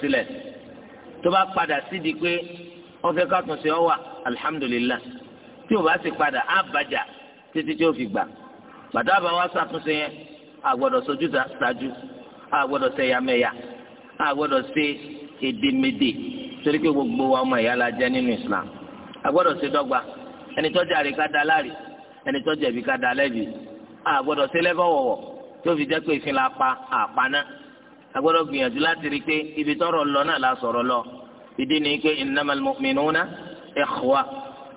sílẹ̀ tó bá padà sídìí pé wọ́n fẹ́ ká tún ṣe ọ wà alihamudulilayi tí o bá sì padà á bàjá títí tí o fi gbà bàtà bá wa ṣàtúnṣe yẹn àgbọ́dọ̀ sojú ṣáájú àgbọ́dọ̀ ṣẹ̀yàmẹ̀yà àgbọ́dọ̀ ṣe èdèmèdè torí pé gbogbo wa ọmọ ìyá la jẹ́ nínú Islam àgbọ́dọ̀ ṣe dọ́gba ẹni tó jàre ká da láre ẹni tó jẹ̀bi ká da lẹ́bi àgbọ́dọ̀ ṣe lẹ́bọ̀wọ̀wọ̀ tí o fi jẹ́ pé ìfin la pa àpaná agbọ́dọ̀ gbìyànjú láti rí i pé ibi tọ́rọ̀ lọ náà la sọ̀rọ̀ lọ ìdí ni pé innamal mu'minuna ikhwa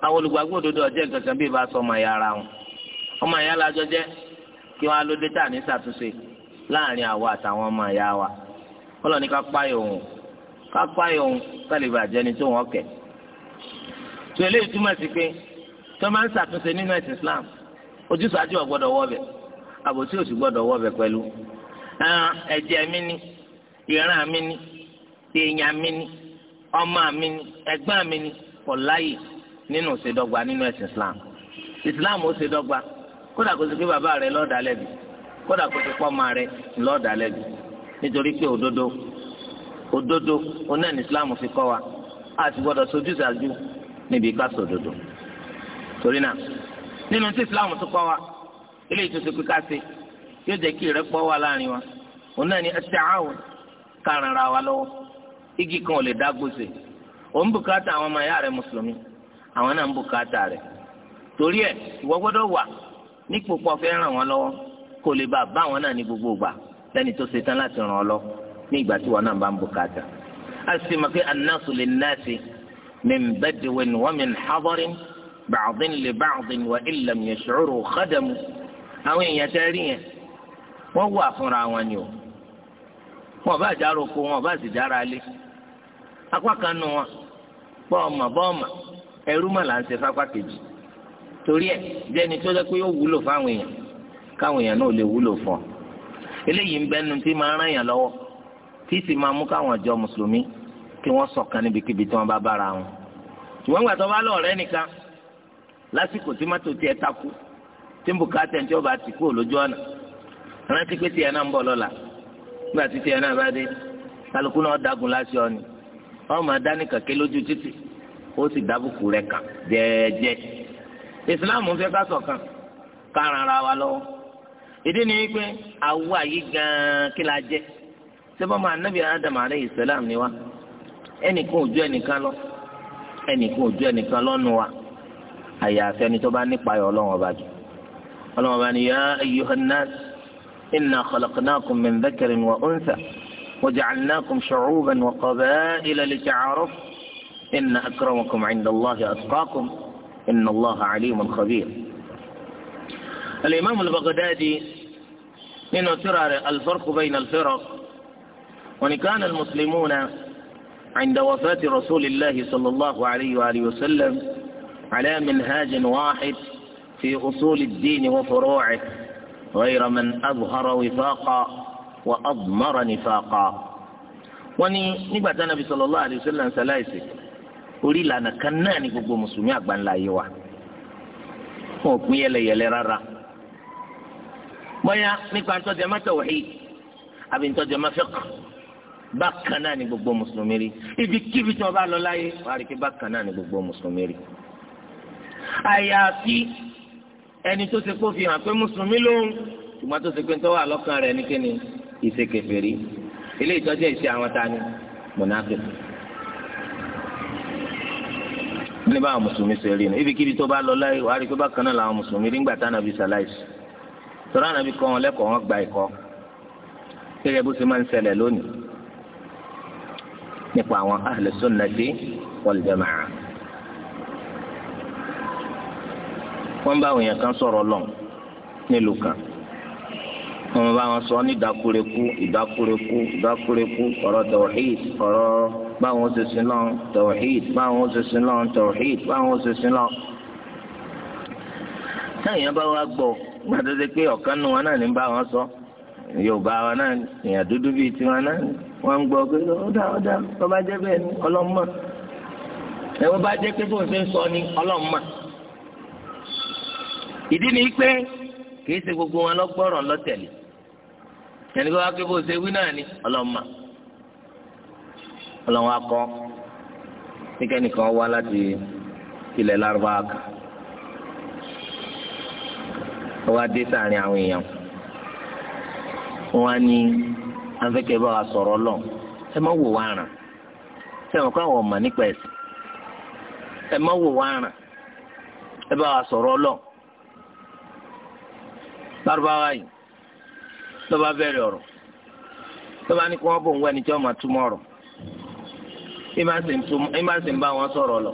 àwọn olùgbàgbọ́ òdodo ọ̀jẹ́ nǹkankan bí ìbá sọ ọmọ ìyá ara wọn ọmọ ìyá la jọ jẹ́ kí wọ́n á ló dé tà ní ṣàtúnṣe láàrin àwa àtàwọn ọmọ ìyá wa ọlọ́ọ̀ ní ká páyọ̀ òun ká páyọ̀ òun kálíbà jẹni tó wọn kẹ̀. tó eléyìí túmọ̀ sí pé tó máa ń ṣàtúnṣe nínú ẹ̀sìn Islam ojúṣàájú ọ̀gbọ́dọ̀ wọ́ọ̀bẹ̀ àbòsí òsì gbọ́dọ̀ wọ́ọ̀bẹ̀ pẹ̀lú ẹ̀jẹ̀ mi ni ìran mi ni èèyàn mi ni ọmọ mi ni mi ni kò láyè nínú nínú islam islam ó ṣèdọ́gba kódà kó sì pé bàbá rẹ lọ́ọ̀dà lẹ́bi kódà kó sì pọ́ ọmọ rẹ lọ́ọ̀dà lẹ́bi nítorí pé òdodo òdodo oná ní islam fi kọ́ wa a sojú níbi ká sòdodo torí náà nínú tí islam tó kọ́ wa eléyìí pé wa àwọn kárànra wa lọ́wọ́ igi kan ò lè dá gbòsè ò ń bùkátà àwọn ọmọ ẹ̀yà rẹ mùsùlùmí àwọn náà ń bùkátà rẹ torí ẹ ìwọ gbọ́dọ̀ wà nípò pọ fẹ́ ràn wọn lọ́wọ́ kó lè bá bá àwọn náà ní gbogbo ìgbà lẹ́ni tó ṣe tán láti ràn ọ lọ ní ìgbà tí wọn náà bá ń bùkátà a sì mọ̀ pé anásù lè náàsì min badwin wa min hadarin ba'din li ba'din wa illam yash'uru khadamu wà fúnra wọn ni wọn bá jára oko wọn bá sì jára alé apá kan nu wọn bọ́ọ̀mà bọ́ọ̀mà ẹrú mà là ń ṣe fápá kejì torí ẹ jẹni tó jẹ́ pé yóò wúlò fáwọn èèyàn káwọn èèyàn náà lè wúlò fún ọ eléyìí ń bẹnu tí máa ràn yàn tí sì máa mú káwọn àjọ mùsùlùmí kí níbikíbi tí bá bára wọn ṣùgbọ́n tó bá lọ ọ̀rẹ́ nìkan lásìkò tí mọ́tò tiẹ̀ takú tí ń tí ti kú òlójú ọ̀nà rántí pé tiẹ̀ náà ń bọ̀ lọ́la gbà títí ẹ náà bá dé kálukú náà dagun ọ ni wọn máa dá ní kàké lójú títì ó sì dábùkù rẹ kàn jẹ́ẹ́jẹ́ ìsìláàmù fẹ́ ká ṣọ̀kan kárán ara wa lọ́wọ́ ìdí ni wípé àwa yìí gan kila kí la jẹ́ sẹ́fọ́n anabi adam alayhi ni wa ẹnìkan ò ju ẹnìkan lọ ẹnìkan ò ju ẹnìkan wa àyàfẹ́ ni tó bá nípa ọlọ́wọ́n bá jù ọlọ́wọ́n bá ní yá إنا خلقناكم من ذكر وأنثى وجعلناكم شعوبا وقبائل لتعارفوا إن أكرمكم عند الله أتقاكم إن الله عليم خبير الإمام البغدادي من ترى الفرق بين الفرق وإن كان المسلمون عند وفاة رسول الله صلى الله عليه وآله وسلم على منهاج واحد في أصول الدين وفروعه غير من أظهر وفاقا وأضمر نفاقا wani nígbà tí anabi sallallahu alayhi wa sallam ṣaláìsì orí ìlànà kan náà ni gbogbo mùsùlùmí àgbáńlá yìí wà wọn ò pín yẹlẹyẹlẹ rárá bóyá nípa ntọ́jàmá tawhid àbí ntọ́jàmá fiqh bákan náà ni gbogbo mùsùlùmí rí ibikíbi tí wọn bá lọ láyé wàá rí i pé bákan náà ni gbogbo mùsùlùmí rí àyàfi ẹni tó ṣe kó fi hàn pé mùsùlùmí lòun ṣùgbọ́n tó ṣe pé tó wà lọ́kàn rẹ̀ nìkéni ìṣe kèfèrí ilé ìtọ́jú ìṣe àwọn ta ni mọ̀nàfẹ́. ní báwọn mùsùlùmí ṣe rí nu ibikíbi tó bá lọ láyé wàá rí pé bákan náà làwọn mùsùlùmí nígbà tá nàbí sàláìsì tọ́lá nàbí kọ́ wọn lẹ́kọ̀ọ́ wọn gba ẹ̀kọ́ gẹ́gẹ́ bó ṣe máa ń ṣẹlẹ̀ lónìí nípa àwọn ahlẹ̀ wal jamaa wọ́n bá àwọn èèyàn kan sọ̀rọ̀ lọ nílùú kan wọ́n bá wọn sọ ní ìdákúrekú ìdákúrekú ìdákúrekú ọ̀rọ̀ tawhid ọ̀rọ̀ báwọn ṣe sin lọ tawhid báwọn ṣe sin lọ tawhid báwọn ṣe sin lọ. táyà bá wa gbọ́ gbàdúrà pé ọ̀kan nu wọn náà ní bá wọn sọ yorùbá wọn náà èèyàn dúdú bíi tiwọn náà wọn ń gbọ́ pé ọdà ọdà ọba jẹ bẹ́ẹ̀ ni ọlọmọ ẹ wọn bá jẹ pé bóun ṣe ń sọ ni ọlọmọ. ìdí ni pé kìí ṣe gbogbo wọn lọ́gbọ́rọ̀ lọ́tẹ̀lẹ̀ ẹni kó wá pé bó ṣe wí náà ni ọlọ́mà ọlọ́run akọ níkẹ́nìkan wá láti ilẹ̀ lárúbáwá kan ó wá dé sáàrin àwọn èèyàn wọn lọ ẹ má wò wá ràn ṣé wọn àwọn ọmọ nípa ẹ má wò wá ẹ bá wa sọrọ lọ. lárúbáwá yìí ló bá bẹ̀rẹ̀ ọ̀rọ̀ ló bá ní kí wọ́n bò ń wẹ́ ẹni tí wọ́n máa túmọ̀ ọ̀rọ̀ ìmá sì ń bá wọn sọ̀rọ̀ lọ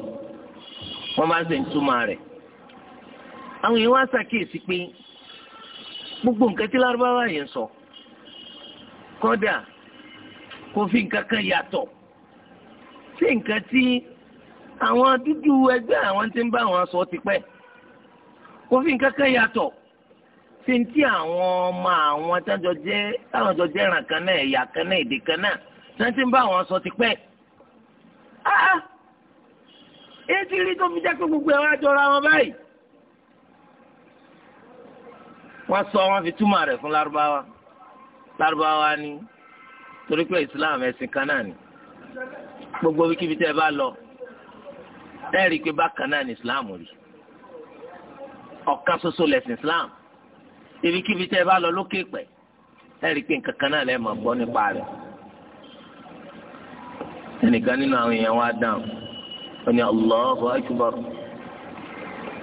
wọ́n máa sì ń túmọ̀ rẹ̀. àwọn èèyàn wá ṣàkíyèsí pé gbogbo nǹkan tí lárúbáwá yẹn sọ kódà kò fi nǹkan kan yàtọ̀ sí nǹkan tí àwọn dúdú ẹgbẹ́ àwọn tí ń bá wọn sọ tipẹ́ kò fi nǹkan kan yàtọ̀ ṣe ń tí àwọn ọmọ àwọn táwọn jọ jẹ́ ìran kan náà ẹ̀yà kan náà èdè kan náà ṣe ń tí ń bá àwọn sọ ti pẹ́. Ah, ah. ètí rí tó fi jẹ́ pé gbogbo ẹ̀ wá wọn báyìí. wọ́n sọ wọ́n fi túmọ̀ rẹ̀ fún lárúbáwá lárúbáwá ni torí pé islam ẹ̀sìn kan náà ni gbogbo wíkíbi tẹ́ ẹ bá lọ ẹ rí i pé bákan náà ni islam rí ọ̀kan ṣoṣo lẹ̀sìn islam. ibikíbi tẹ́ ẹ bá lọ lókè pẹ ẹ pé nǹkan kan náà lẹ́ mọ̀ gbọ́ nípa rẹ̀ ẹnìkan nínú àwọn èèyàn wa dáhùn ó ní Allahu Akbar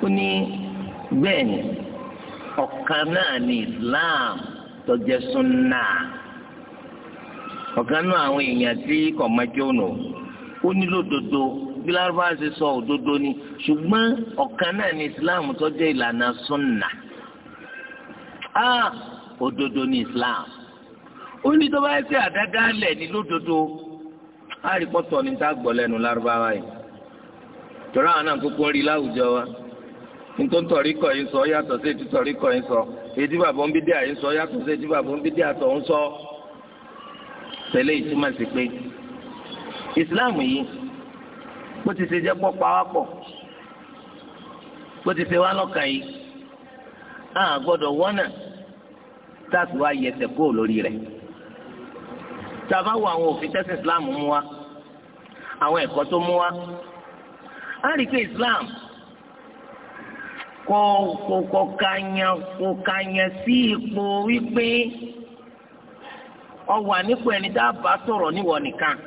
ó ní bẹ́ẹ̀ ni ọ̀kan náà ní Islam tó súnà ọ̀kan náà àwọn èèyàn tí kò mọ jóònù ó ní lódodo bí lárúbáwá sọ ni ṣùgbọ́n ọ̀kan náà ní Islam ah òdodo ní Islam ó ní tó bá yẹ pé àdáda ní lódodo á rí ní a gbọ́ lárúbáwá yìí tọ́lá àwọn náà kókó rí láwùjọ wa nítorí tọ̀rí kọ̀ yín sọ yàtọ̀ sí ètí tọ̀rí sọ ètí bàbá ń bí díà sọ yàtọ̀ sí ètí bàbá ń bí díà ń sọ sí ti ṣe jẹ́ pọ́ pawápọ̀ bó ti ṣe wá a táàsì wa yẹsẹ̀ kó lórí rẹ̀ tàbá wo àwọn òfin tẹ́sí islam mú wa àwọn ẹ̀kọ́ tó mú wa á rí pé islam kò kò kò kànyàn kò kànyàn sí ipò wípé ó wà nípò ẹni tá a bá sọ̀rọ̀ níwọ nìkan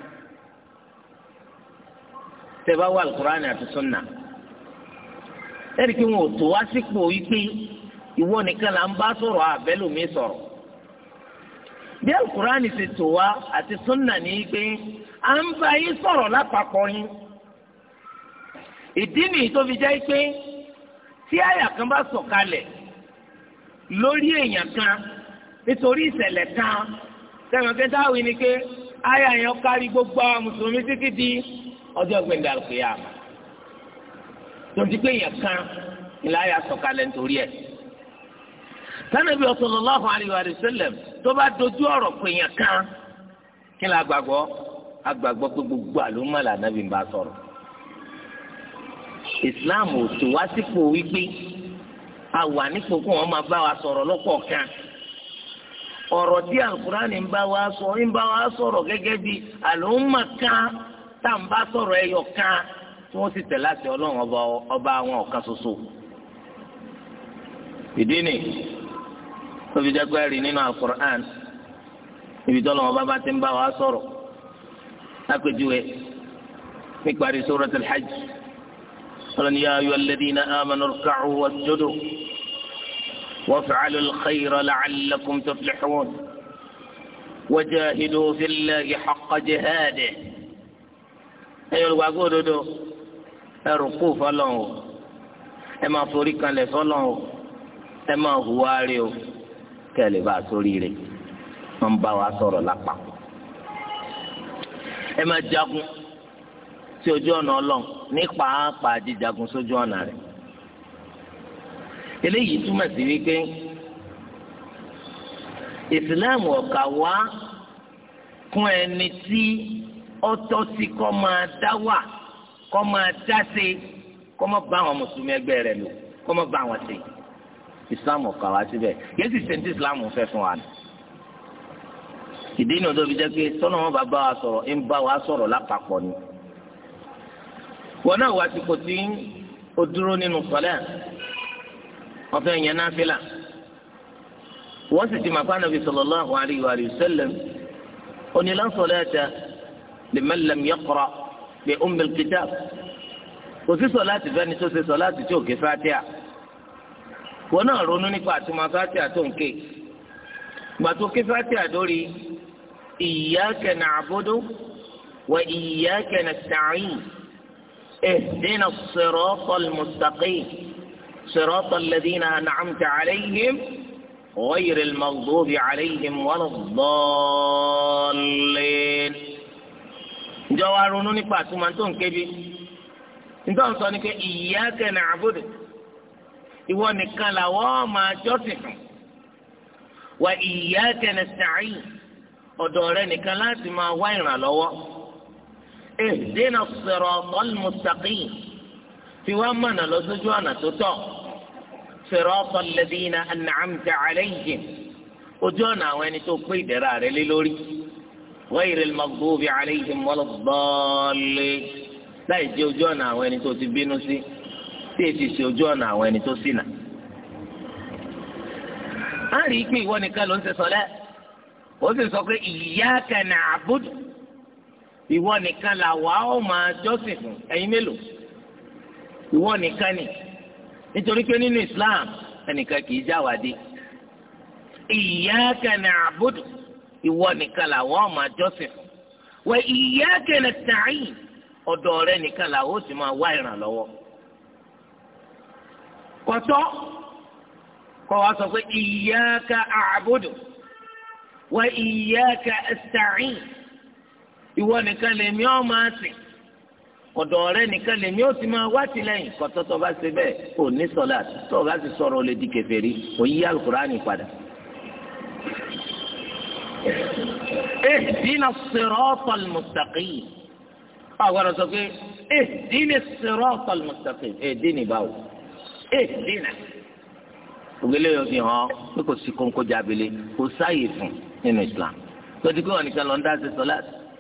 tẹ́ bá wà alukur'ani àti sunna ẹ̀rí wọn ò tó wá sípò wípé ìwọ nìkan là ń bá sọ̀rọ̀ àbẹ́lòmí sọ̀rọ̀ bí alukurani ti tò wá àti sunna ní gbé à ń bá yín sọ̀rọ̀ lápapọ̀ yín ìdí nìyí tó fi jẹ́ pé tí àyà kan bá sọ̀kalẹ̀ lórí èèyàn kan nítorí ìṣẹ̀lẹ̀ kan sẹ́wọ̀n kẹta àwìn ni pé àyà yẹn kárí gbogbo àwọn mùsùlùmí títí di ọjọ́ gbẹ̀ndà àlùkìyámà tó ti pé èèyàn kan ìlà àyà sọ̀kalẹ̀ nítorí ẹ̀. tánàbí sallallahu alayhi wa sallam tó bá dojú ọrọ pèèyàn kan kí ni agbàgbọ́ agbàgbọ́ pé gbogbo àlùmọ́ lànàbí ń bá sọrọ. islam ò tó wá sípò wípé a wà nípò kó wọn máa bá wa sọ̀rọ̀ lọ́kọ̀ọ̀kan ọ̀rọ̀ tí alukurani ń bá wa sọ ń bá wa sọ̀rọ̀ gẹ́gẹ́ bí àlùmọ́ kan tá à bá sọ̀rọ̀ ẹyọ kan tí wọ́n sì tẹ àti ọlọrun ọba wọn ọ̀kan ṣoṣo ìdí nìyí. òbí dágbárí nínú alukur'an ibi tó lọ́wọ́ bàbá ti ń bá wa sọ̀rọ̀ lápèjúwe níparí sóròtò hajj ọlọ́ni yá ayọ̀ alladhina amanu ruka'u wasjudu waf'alu alkhayra la'allakum tuflihun wajahidu fillahi haqqa jihadihi ẹ̀yọ̀ olùgbàgbọ́ òdodo ẹ̀rù kú fọlọ́n o máa forí kanlẹ̀ fọlọ́n o ẹ̀ máa hùwárí o kẹ́lẹ́ bá a sórí rẹ̀ wọ́n bá wa sọ̀rọ̀ lápapọ̀. ẹ máa jagun sí ojú ọ̀nà ọlọ́run ní pàápàá jíjagun sójú ọ̀nà rẹ̀. eléyìí túmọ̀ sí wípé ìsìláàmù ọ̀kà wá fún ẹni tí ọtọ́ sí kọ́ máa dá wà kọ́ máa dá sí kọ́ máa bá àwọn mùsùlùmí ẹgbẹ́ rẹ̀ lò kọ́ máa bá àwọn sí islam ọ̀kan wá síbẹ̀ yé sì ṣe ní tí islam fẹ́ fún wa ni. ìdí inú tó fi jẹ́ pé tọ́nà wọn bá bá wa sọ̀rọ̀ ń bá wa sọ̀rọ̀ lápapọ̀ ni. wọn náà wá ti kò tí ó dúró nínú sọ́lẹ̀ wọn fẹ́ yẹn náà fílà wọ́n sì ti màkà nàbì sallallahu alayhi wa sallam oní la salata liman lam yaqra bi ummil kitab kò sí sọ̀láàtì fẹ́ni tó ṣe sọ̀láàtì tí ò ké fatiha wọn náà ronú nípa àtúmọ̀ fatia tó ń ké gbàtó ké fatia lórí iyyaka na'budu wa iyyaka nasta'in ihdina as-siratal mustaqim siratal ladhina an'amta 'alayhim ghayril maghdubi 'alayhim waladdallin. ǹjọ́ wa ronú nípa àtúmọ̀ tó ń bí ǹjọ́ ń sọ ní pé iyyaka ìwọ nìkan làwọn máa jọ́sìn fún wa iyyaka nasta'in ọ̀dọ̀ rẹ nìkan láti máa wá ìrànlọ́wọ́ ihdina siratal mustaqim fi wá mọ̀nà lọ́sọ́jú ọ̀nà tó tọ́ siratal ladina an'amta alayhim ojú ọ̀nà àwọn ẹni tó pé ìdẹ̀ra rẹ lé lórí ghayril maghdubi alayhim walad láì jẹ́ ojú ọ̀nà àwọn ẹni tó ti bínú sí. Si tí èsì ṣe ojú ọ̀nà àwọn ẹni tó ṣìnà. a rí i pé ìwọ nìkan ló ń ṣe sọlẹ́ ó sì sọ pé iyyaka na'budu ìwọ nìkan làwa ó máa jọ́sìn fún ẹ̀yin mélòó ìwọ nìkan ni nítorí pé nínú Islam ẹnìkan kì í jáwádìí iyyaka na'budu ìwọ nìkan làwa ó máa jọ́sìn fún wa iyyaka nasta'in ọ̀dọ̀ rẹ nìkan làwa ó sì máa wá ìrànlọ́wọ́ kọtọ kọ wa sọ pé iyyaka a'budu wa iyyaka asta'in ìwọ nìkan lèmi ọ máa sìn ọ̀dọ̀ rẹ nìkan lèmi ó ti máa wá tìlẹ́yìn kọtọ tó bá ṣe bẹ́ẹ̀ kò ní sọlá tó o bá ti sọ̀rọ̀ lè di kèfèrí kò yí alukurani padà. اهدنا الصراط المستقيم àwọn ọ̀rọ̀ sọ pé الصراط المستقيم اهدني báwo èdínà eh, ògbélé yóò fi hàn pé kò sí kónkó jábìlì kò sáàyè fún nínú Islam lọ́dí pé wọ́n nìkan lọ ń dá ṣe sọ́lá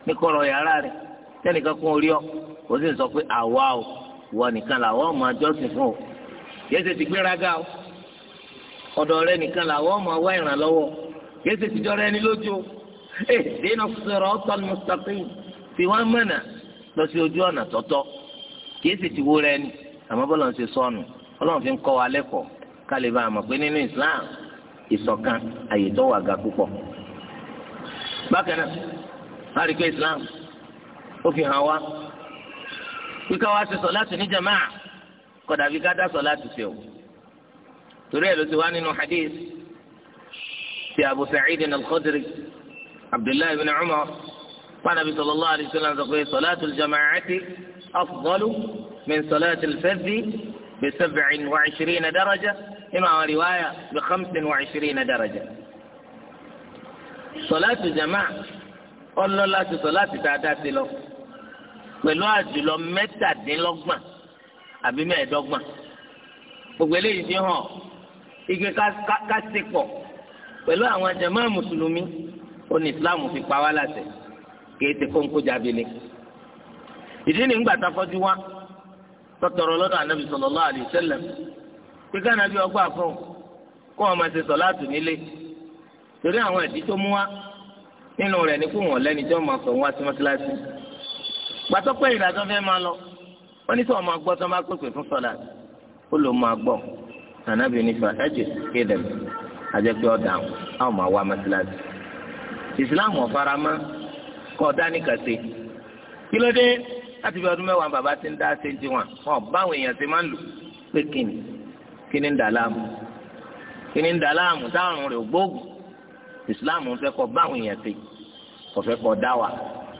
ní kọ́rọ̀ yàrá rẹ̀ tẹ́nìkan kún orí ọ kò sì sọ pé àwa o wọ́n nìkan làwọn ọmọ àjọsìn fún o yẹ́sẹ̀ ti gbéraga o ọ̀dọ̀ rẹ nìkan làwọn ọmọ wá ìrànlọ́wọ́ yẹ́sẹ̀ ti jọra ẹni lójú o eh, sọ̀rọ̀ ọ̀tọ̀ ni mustaqim fi wọ́n mọ̀nà lọ sí ojú ọ̀nà tọ́tọ́ kì ọlọ́run fi ń kọ́ wa lẹ́kọ̀ọ́ ká lè bá a mọ̀ pé nínú islam ìṣọ̀kan àyè tó wà ga púpọ̀. bákan náà a rí i pé islam ó fi hàn wá kíkà wá ti sọ̀láàtì ní jamaa kódà bí ká dá sọ̀láàtì sí o torí ẹ̀ ló ti wá nínú hadith ti abu sa'id al-khudri abdullahi bin umar pànàbí sallallahu alaihi wasallam sọ pé sọ̀láàtì jamaati afdalu min sọ̀láàtì al-fardhi. بسبع وعشرين درجة إما رواية بخمس وعشرين درجة صلاة جماعة قل لا صلاة تعتات له pẹ̀lú àjùlọ mẹ́tàdínlọ́gbọ̀n àbí mẹ́ẹ̀ẹ́dọ́gbọ̀n gbogbo eléyìí fi hàn ike kásìpọ̀ pẹ̀lú àwọn jàmáà mùsùlùmí ó ní islam fi pa wá láṣẹ kéèté kónkó jábìlì ìdí nìgbà tá a fọ́jú wá. tọtọrọ lọ́dọ̀ anabi sallallahu alaihi wasallam pé ká anabi ọgbà fún kó wọn máa ṣe sọláàtù nílé torí àwọn ìdí tó mú wa nínú rẹ̀ ní fún wọn lẹ́ni tí wọn máa sọ wọn sí gbàtọpẹ ìdájọ fẹẹ máa lọ wọn ní sọ wọn máa tí wọn bá pèpè fún sọlá ó máa anabi onífà ẹjẹ kéde àjẹpẹ ọdà àwọn máa wá ọ̀farama kí ló láti fi ọdún mẹ́wàá bàbá ti ń dá ṣe ti wọn wọn báwọn èèyàn ti máa ń lò pé kíni kíni ń dà kíni ń dà táwọn rẹ̀ gbóògùn Islam fẹ́ kọ́ báwọn èèyàn ti kò fẹ́ kọ́ dá wa.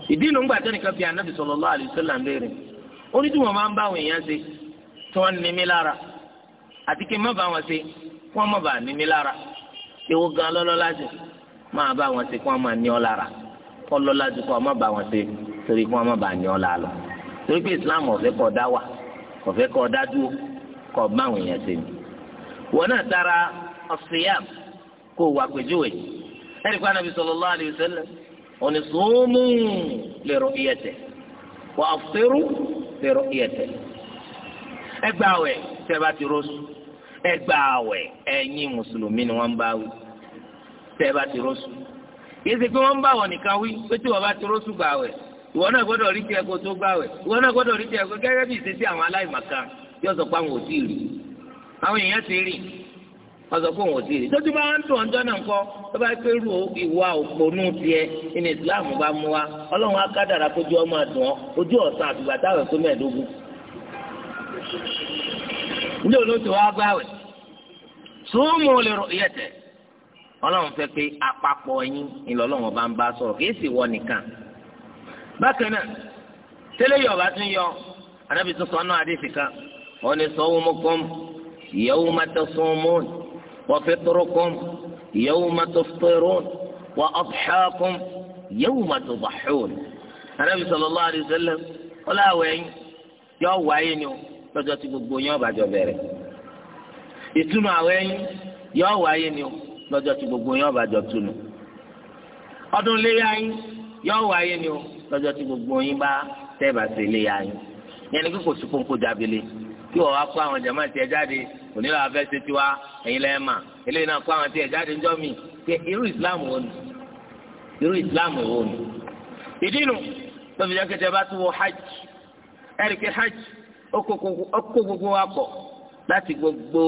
ìdí inú ńgbà tó nìkan fi Ànábì sallallahu alaihi wasallam léèrè ó ní tí wọ́n máa ń báwọn èèyàn ṣe tí wọ́n ní mí lára àti kí n má bá wọn ṣe kí wọ́n má bá ní mí lára ewu gan lọ́lọ́lá jù máa bá wọn ṣe kí wọ́n má ní ọ lára kọ́ lọ́lá jù kí má bá wọn ṣe torí kí wọ́n má bá ní ọ lára lọ torí pé islam ọ̀fẹ́ kọ́ dá wà ọ̀fẹ́ kọ́ dá dúró kọ́ bá àwọn èèyàn ṣe wọn náà tara ọ̀sìyàm kó wà pèjúwe ẹ̀rí pa nàbí sallallahu alaihi wasallam òní sùnmù li ru'yatihi wà aftiru li ru'yatihi. ẹ gba àwẹ̀ tẹ́ bá ti rọ́ọ̀sù ẹ àwẹ̀ ẹ̀yin mùsùlùmí ni wọ́n bá wí tẹ́ bá ti rọ́ọ̀sù. yìí ti pé wọ́n bá wọ̀ nìkan wí pé tí wọ́n bá ti rọ́ọ̀sù gbà àwẹ̀ ìwọ náà gbọ́dọ̀ rí tiẹ̀ kó tó gbàwẹ̀ ìwọ náà gbọ́dọ̀ rí tiẹ̀ kó gẹ́gẹ́ bí ìṣesí àwọn aláìmọ̀ká tí ó sọ pé àwọn ò tí ì rí àwọn èèyàn ti rí wọ́n pé àwọn ò tí ì rí tó bá pé ìwà Islam bá mú wa Ọlọ́run ọmọ àdùn ọ ojú ọ̀sán àtùgbà táwọn ẹ̀kọ́ mẹ́ẹ̀ẹ́dógún ní olóòtú wa sùnmù Ọlọ́run fẹ́ pé àpapọ̀ yín ìlọ́lọ́run ń bá bákan náà tẹ́lẹ̀ yọ̀ bá tún yọ anábì tún sọ́nà àdìsí kan wọ́n ní sawmukum yawma tasumun wa fitrukum yawma tuftirun wa adhakum yawma tudahhun anábì sallallahu alaihi wasallam wọ́n láwọ̀ ẹ̀yìn yọ wáyé ni o lọ́jọ́ tí gbogbo yín ọba jọ bẹ̀rẹ̀ ìtúnu àwẹ̀ ẹ̀yìn yọ wáyé ni o lọ́jọ́ tí gbogbo yín ọba jọ túnu ọdún léyà yín yọ wáyé ni o lọ́jọ́ tí gbogbo yín bá tẹ́ẹ̀bà sí ilé ya yín yẹn ni kíkò sí kónkó jábìlì kí wọ́n wá kó àwọn jàmáà tiẹ̀ jáde onílà abẹ́ ṣe tiwa ẹ̀yin lẹ́yìn mà eléyìí náà kó àwọn tiẹ̀ jáde ńjọ́ mi pé irú ìsìláàmù wo ni irú ìsìláàmù wo ni. ìdí nu tóbi jẹ́ kẹtẹ bá tún wọ hajj ẹ̀rì hajj ó gbogbo wa pọ̀ láti gbogbo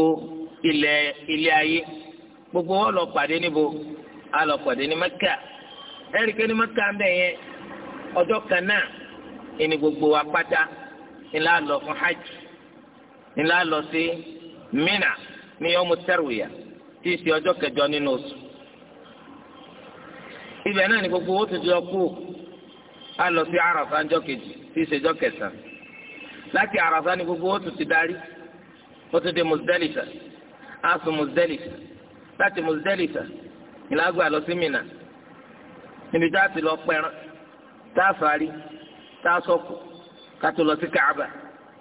ilẹ̀ ilé ayé gbogbo wọn lọ pàdé níbo a pàdé ní Mẹ́kà ẹ̀rì ní Mẹ́kà ń bẹ̀ yẹn ọjọ́ kan náà ẹni gbogbo wa pátá ńlá lọ fún hajj ńlá lọ sí mina ní yọmú tẹrùyà tí í ṣe ọjọ́ kẹjọ nínú oṣù ibẹ̀ náà ni gbogbo owó tuntun ọkú á lọ sí arafa ńjọ́ kejì tí í ṣe ọjọ́ kẹsàn láti arafa ni gbogbo owó tuntun darí ó tún dé muzdalifa á sùn muzdalifa láti muzdalifa ńlá gbà lọ sí mina níbi tí a ti lọ pẹran tá a sáré tá a sọ̀kù ká tó lọ sí káàbà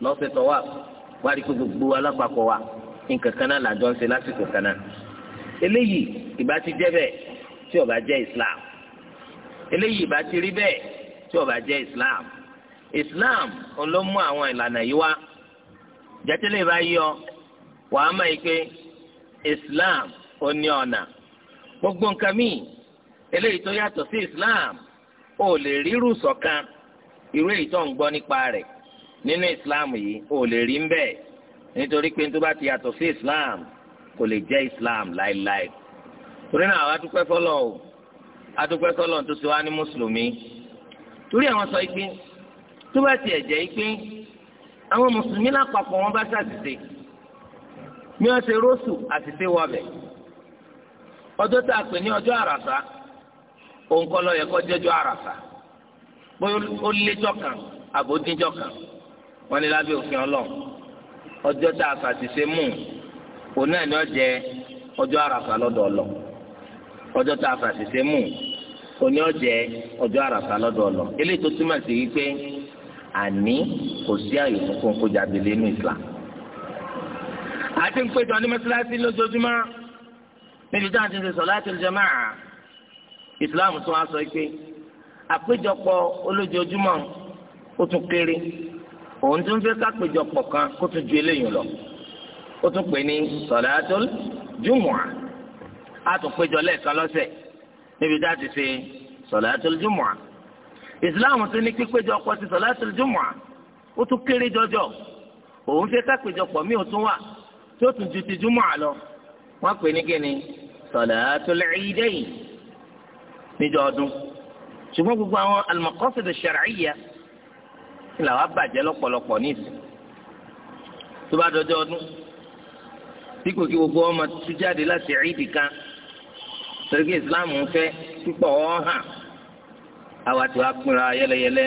lọ́sẹ̀ tọ́wà wárí kó gbogbo alápapọ̀ wa nǹkan kan náà làjọ ń ṣe lásìkò kan náà eléyìí ìbá ti jẹ́ bẹ́ẹ̀ tí ó jẹ́ Islam eléyìí ìbá ti rí bẹ́ẹ̀ tí ó jẹ́ Islam Islam ló mú àwọn ìlànà yìí wá jẹ́tẹ́lẹ̀ bá yọ wàá mọ̀ yìí pé Islam ó ní ọ̀nà gbogbo nǹkan míì eléyìí tó yàtọ̀ sí Islam o lè rírù sọ̀kan irú èyí tó ń gbọ́ nípa rẹ̀ nínú islam yìí o lè rí ń bẹ́ẹ̀ nítorí pé tó bá ti yàtọ̀ sí islam kò lè jẹ́ islam láéláé torí náà àwọn adúpẹ́ fọlọ́ o adúpẹ́ fọlọ́ tó ṣe wá ní mùsùlùmí torí àwọn sọ ìpín tó bá tiẹ̀ jẹ́ ìpín àwọn mùsùlùmí lápapọ̀ wọn bá ṣàṣìṣe mi ò ṣe róṣù àṣìṣe wọbẹ̀ ọjọ́ tá a pè ní ọjọ́ àràfà ònkọlọ yẹ kọjẹjọ àràfà pé ó léjọ kan àbódíjọ kan wọn ní lábẹ́ òfin Ọlọ́run ọjọ́ tá a fàtìṣe mú òun náà ni ó jẹ ọjọ́ àràfà lọ́dọ̀ ọlọ ọjọ́ tá a fàtìṣe mú òun ni ó jẹ ọjọ́ àràfà lọ́dọ̀ ọlọ eléyìí tó túmọ̀ sí wípé àní kò sí àyè fún kóńkó jábìlì ní Islam àti ń péjọ ní mọ́sálásí lójoojúmọ́ níbi tí a ti ń ṣe sọ̀láàtì jámáà islam tún á sọ pé àpéjọpọ̀ olójoojúmọ́ ó tún kéré òun tún fẹ́ kápéjọpọ̀ kan kó tún ju eléyìí lọ ó tún pè ní sọ̀dáàtúl jùmùà á tún péjọ lẹ́ẹ̀kan lọ́sẹ̀ níbi dá ti ṣe sọ̀dáàtúl jùmùà ìsìláàmù tún ní pípéjọpọ̀ ti sọ̀dáàtúl jùmùà ó tún kéré jọjọ òun fẹ́ kápéjọpọ̀ mi ò tún wà tí ó tún ju ti jùmùà lọ wọ́n pè ní kíni sọ̀dáàtúl ìdẹ́yìn níjọ́ ọdún ṣùgbọ́n gbogbo àwọn al-maqasid ash-shar'iyya kí làwọn abàjẹ́ lọ́pọ̀lọpọ̀ ní ìsìn tó bá dọjọ́ ọdún bí kò kí gbogbo ọmọ tuntun jáde láti ìdì kan torí kí ìsìláàmù ń fẹ́ pípọ̀ wọ́n hàn àwa tí wàá pinra yẹlẹyẹlẹ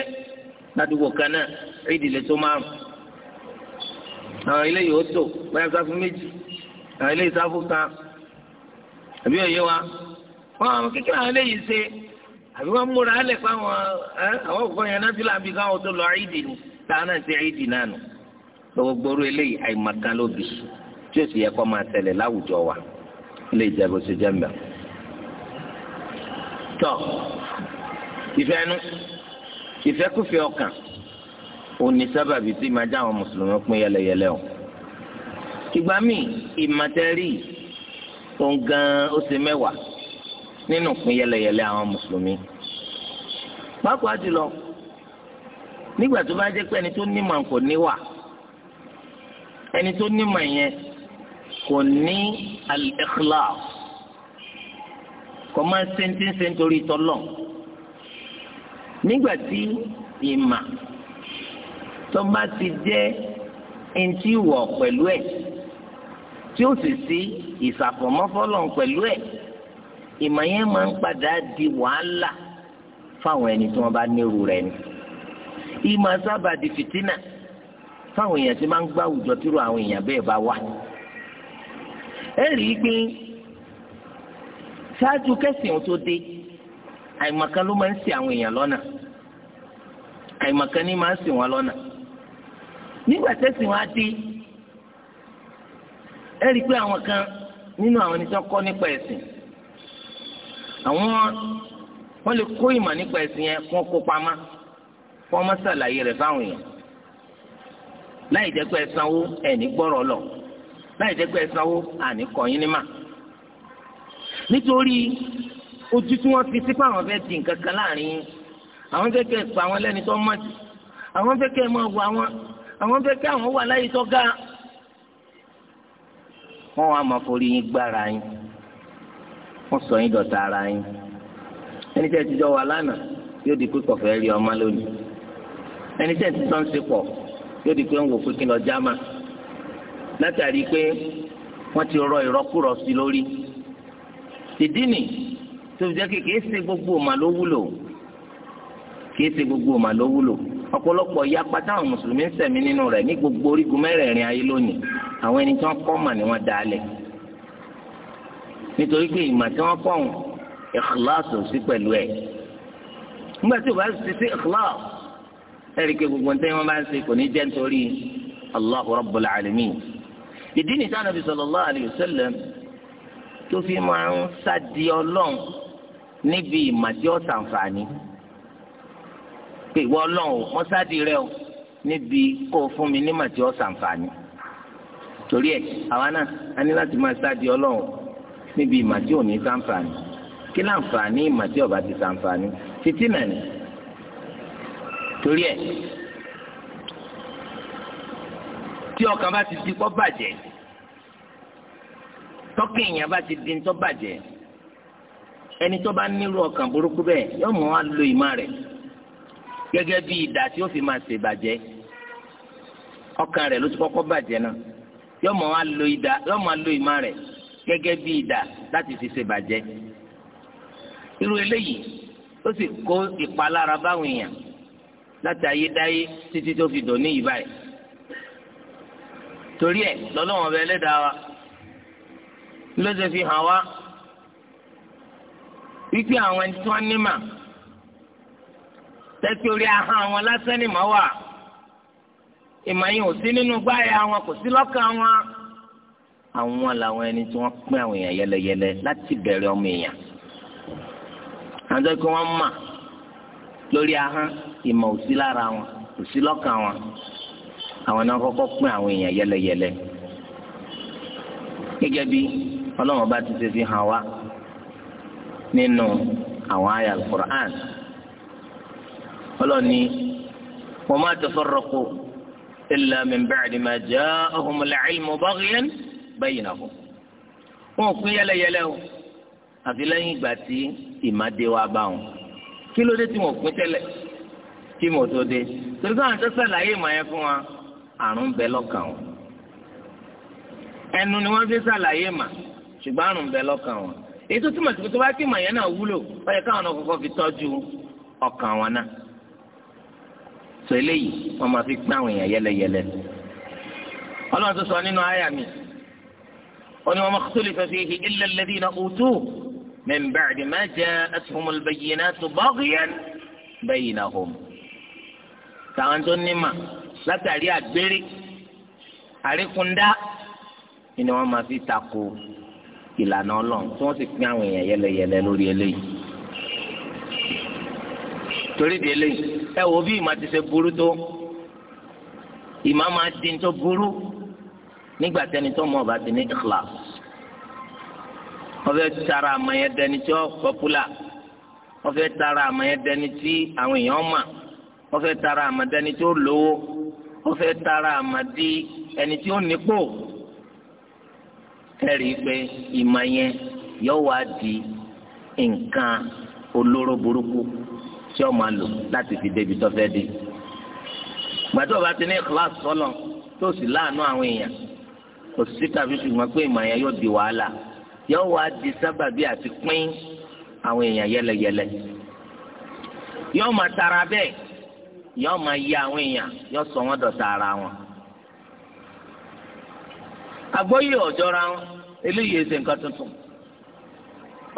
ládùúgbò kan náà ìdì lè tó márùn àwọn ilé yìí ó tò sáfù méjì àwọn ilé ìsáfù kan àbí òye wa wọn àwọn kékeré àwọn eléyìí ṣe àbí wọn múra alẹ fún àwọn àwọn òkú yẹn náà fílà bí káwọn tó lọ ìdì ni táwọn náà ṣe ìdì náà nù lọ́wọ́ gbọ́rú eléyìí àìmọ̀kan ló bì tí ó sì yẹ kó máa tẹ̀lẹ̀ láwùjọ wa ilé ìjẹ́bù ṣe jẹ́ mbẹ́. tọ́ ìfẹ́nu ìfẹ́kùfẹ́ ọkàn òní sábàbí tí máa já àwọn mùsùlùmí pín yẹlẹyẹlẹ o ìgbà míì ìmọ̀tẹ́rì òun gan ó ṣe mẹ́wàá nínú pín yẹlẹyẹlẹ àwọn mùsùlùmí pàápàá jùlọ nígbà tó bá jẹ́ pé ẹni tó nímọ̀ kò níwà ẹni tó nímọ̀ yẹn kò ní al-ikhlas kò máa ń sentí sentori tọ́lọ̀ nígbà tí ìmà tó bá ti jẹ́ eŋti wọ̀ pẹ̀lú ẹ̀ tí ó sì sí ìsàfọ̀mọ́fọ́lọ̀ pẹ̀lú ẹ̀ ìmọ̀ yẹn máa ń padà di wàhálà fáwọn ẹni tí wọ́n bá nírú rẹ̀ ni ìmọ̀ sábà di fìtínà fáwọn èèyàn tí máa ń gbá àwùjọ tírú àwọn èèyàn bẹ́ẹ̀ bá wà. ẹ rí i pé ṣáájú kẹsàn tó dé àìmọ̀kan ló máa ń ṣì àwọn èèyàn lọ́nà àìmọ̀kan ni máa ń ṣì wọ́n lọ́nà nígbà tẹ̀sìn wọn dé ẹ rí i pé àwọn kan nínú àwọn ẹni tó kọ́ nípa ẹ̀sìn àwọn wọ́n lè kó ìmọ̀ nípa ẹ̀sìn yẹn kó kó pamá kó má ṣàlàyé rẹ̀ fáwọn èèyàn láì jẹ́ pé ẹ sanwó ẹ̀ní gbọ́rọ̀ lọ láì jẹ́ pé ẹ sanwó àní kọ̀yìn ní mà nítorí ojú tí wọ́n fi sípò àwọn fẹ́ di nǹkan kan láàrin yín àwọn fẹ́ kẹ́ ẹ pa àwọn lẹ́ni tó mọ̀ jù àwọn fẹ́ kẹ́ ẹ máa wọ àwọn àwọn fẹ́ kẹ́ àwọn wà láyé tó ga wọ́n wá máa forí yín gbára yín. wọ́n sọ yín dọta ara yín ẹni tẹ́ ẹ ti jọ wà lánàá yóò di pé kọ̀fẹ́ rí ọmọ lónìí ẹni tẹ́ ẹ ti tọ́ ń ṣe yóò di pé ń wò pé kí lọ látàrí pé wọ́n ti rọ sí lórí ìdí tó fi jẹ́ kí kìí gbogbo ọmọ ló wúlò kìí ṣe gbogbo ọmọ ló wúlò ọ̀pọ̀lọpọ̀ ìyá gbogbo orígun mẹ́rẹ̀ẹ̀rin ayé lónìí àwọn ẹni tí wọ́n ni wọ́n nítorí pé ìmọ̀ tí wọ́n kọ́ ìkìláàsì sí pẹ̀lú ẹ̀ nígbà tí o bá ti sí ìkìláàsì ẹ̀rí pé gbogbo ntẹ́ wọn bá ń ṣe kò ní jẹ́ nítorí Allahu Rabbul Alamin ìdí nìta nàbì sallallahu alayhi wa sallam tó fi máa ń sádi ọlọ́run níbi ìmọ̀ tí ó ṣàǹfààní pé ìwọ ọlọ́run wọ́n sádi rẹ o níbi kó o fún mi nímọ̀ tí ó ṣàǹfààní torí ẹ̀ àwa náà a ní láti máa sádi ọlọ́run níbi ìmà tí ò ní sàǹfààní kí láǹfààní ìmà tí ọba ti sàǹfààní títí nà ní. torí ẹ tí ọkàn bá ti di kọ́ bàjẹ́ tọ́kì èèyàn bá ti di ń tọ́ bàjẹ́ ẹni tó bá nílò ọkàn burúkú bẹ́ẹ̀ yóò mọ̀ á lo ìmà rẹ̀ gẹ́gẹ́ bí ìdá tí ó fi máa ṣèbàjẹ́ ọkàn rẹ̀ ló ti kọ́kọ́ bàjẹ́ náà yóò mọ̀ á lo ìmà rẹ̀ gẹ́gẹ́ bí ìdà láti fi ṣe bàjẹ́ irú eléyìí ó sì kó ìpalára báwọn èèyàn láti ayédáyé títí tó fi dòní yìí báyìí torí ẹ̀ lọ́lọ́wọ́n ọbẹ̀ ẹlẹ́dàá wa ló ṣe fi hàn wá wípé àwọn ẹni tí wọ́n ní mà tẹ́tí orí ahọ́n àwọn lásán ni mà wà ìmọ̀ yìí ò sí nínú gbáyà wọn kò sí lọ́kàn wọn àwọn làwọn ẹni tí wọ́n pín àwọn èèyàn yẹlẹyẹlẹ láti bẹ̀rẹ̀ ọmọ èèyàn àwọn tó kí wọ́n mà lórí ahọ́n ìmọ̀ òsí lára wọn òsí lọ́kàn wọn àwọn náà kọ́kọ́ pín àwọn èèyàn yẹlẹyẹlẹ gẹ́gẹ́ bí ọlọ́run bá ti ṣe fi hàn wá nínú àwọn àyà alukur'an ọlọ́ni wọ́n máa tẹ̀sọ́rọ̀ kó illa min ba'di ma ja'ahumul ilmu baghyan bainahum wọn ò pín yẹlẹyẹlẹ o àfi lẹ́yìn ìgbà tí ìmàdé wa bá wọn kí ló dé tí wọn ò pín tẹ́lẹ̀ kí mo tó dé torí káwọn tó sàlàyé ìmọ̀ yẹn fún wa àrùn bẹ lọ́kàn wọn ẹnu ni wọ́n fi sàlàyé ìmọ̀ ṣùgbọ́n àrùn bẹ lọ́kàn wọn èyí tó túmọ̀ sí pé tó bá kí ìmọ̀ yẹn náà wúlò sọ eléyìí wọ́n máa fi pín àwọn èèyàn yẹlẹyẹlẹ ọlọ́run tó sọ nínú àyà mi wọn wọn ikhtalafa fihi illa alladhina utuhu min ba'di ma ja'athumul bayyinatu baghyan baynahum. tàwọn tó ní mà látàrí àgbèrè àríkúndá ni wọn máa fi tako ìlànà Ọlọ́run tí wọn sì pín àwọn èèyàn yẹlẹyẹlẹ lórí eléyìí torí di eléyìí ẹ wo bí ìmọ̀ ti ṣe burú tó ìmọ̀ máa di tó burú nígbà tẹni tó mọ̀ bá ti ní ikhlas wọ́n fẹ́ tara àmọ́ yẹn dẹni tí ó pọ́pùlà wọ́n fẹ́ tara àmọ́ yẹn dẹni tí àwọn èèyàn mọ̀ wọ́n fẹ́ tara àmọ́ dẹni tí ó lówó wọ́n fẹ́ tara àmọ́ ẹni tí ó nípò ẹ̀rí pé ìmọ̀ yẹn yóò wá di nǹkan olóró burúkú tí ó máa lò láti fi débi tó fẹ́ dé gbàtọ́ bá ti ní ikhlas sọ́lọ̀ tó sì láàánú àwọn èèyàn kò sí tàbí ṣùgbọ́n pé ìmọ̀ yẹn yóò di wàhálà yóò wá di sábàbí àti pín àwọn èèyàn yẹlẹyẹlẹ yóò máa tara bẹ́ẹ̀ yóò máa yẹ àwọn èèyàn yóò sọ wọ́n dọ̀tá ara wọn. àgbọ́yé ọ̀jọ́ra wọn eléyìí ẹsẹ̀ nǹkan tuntun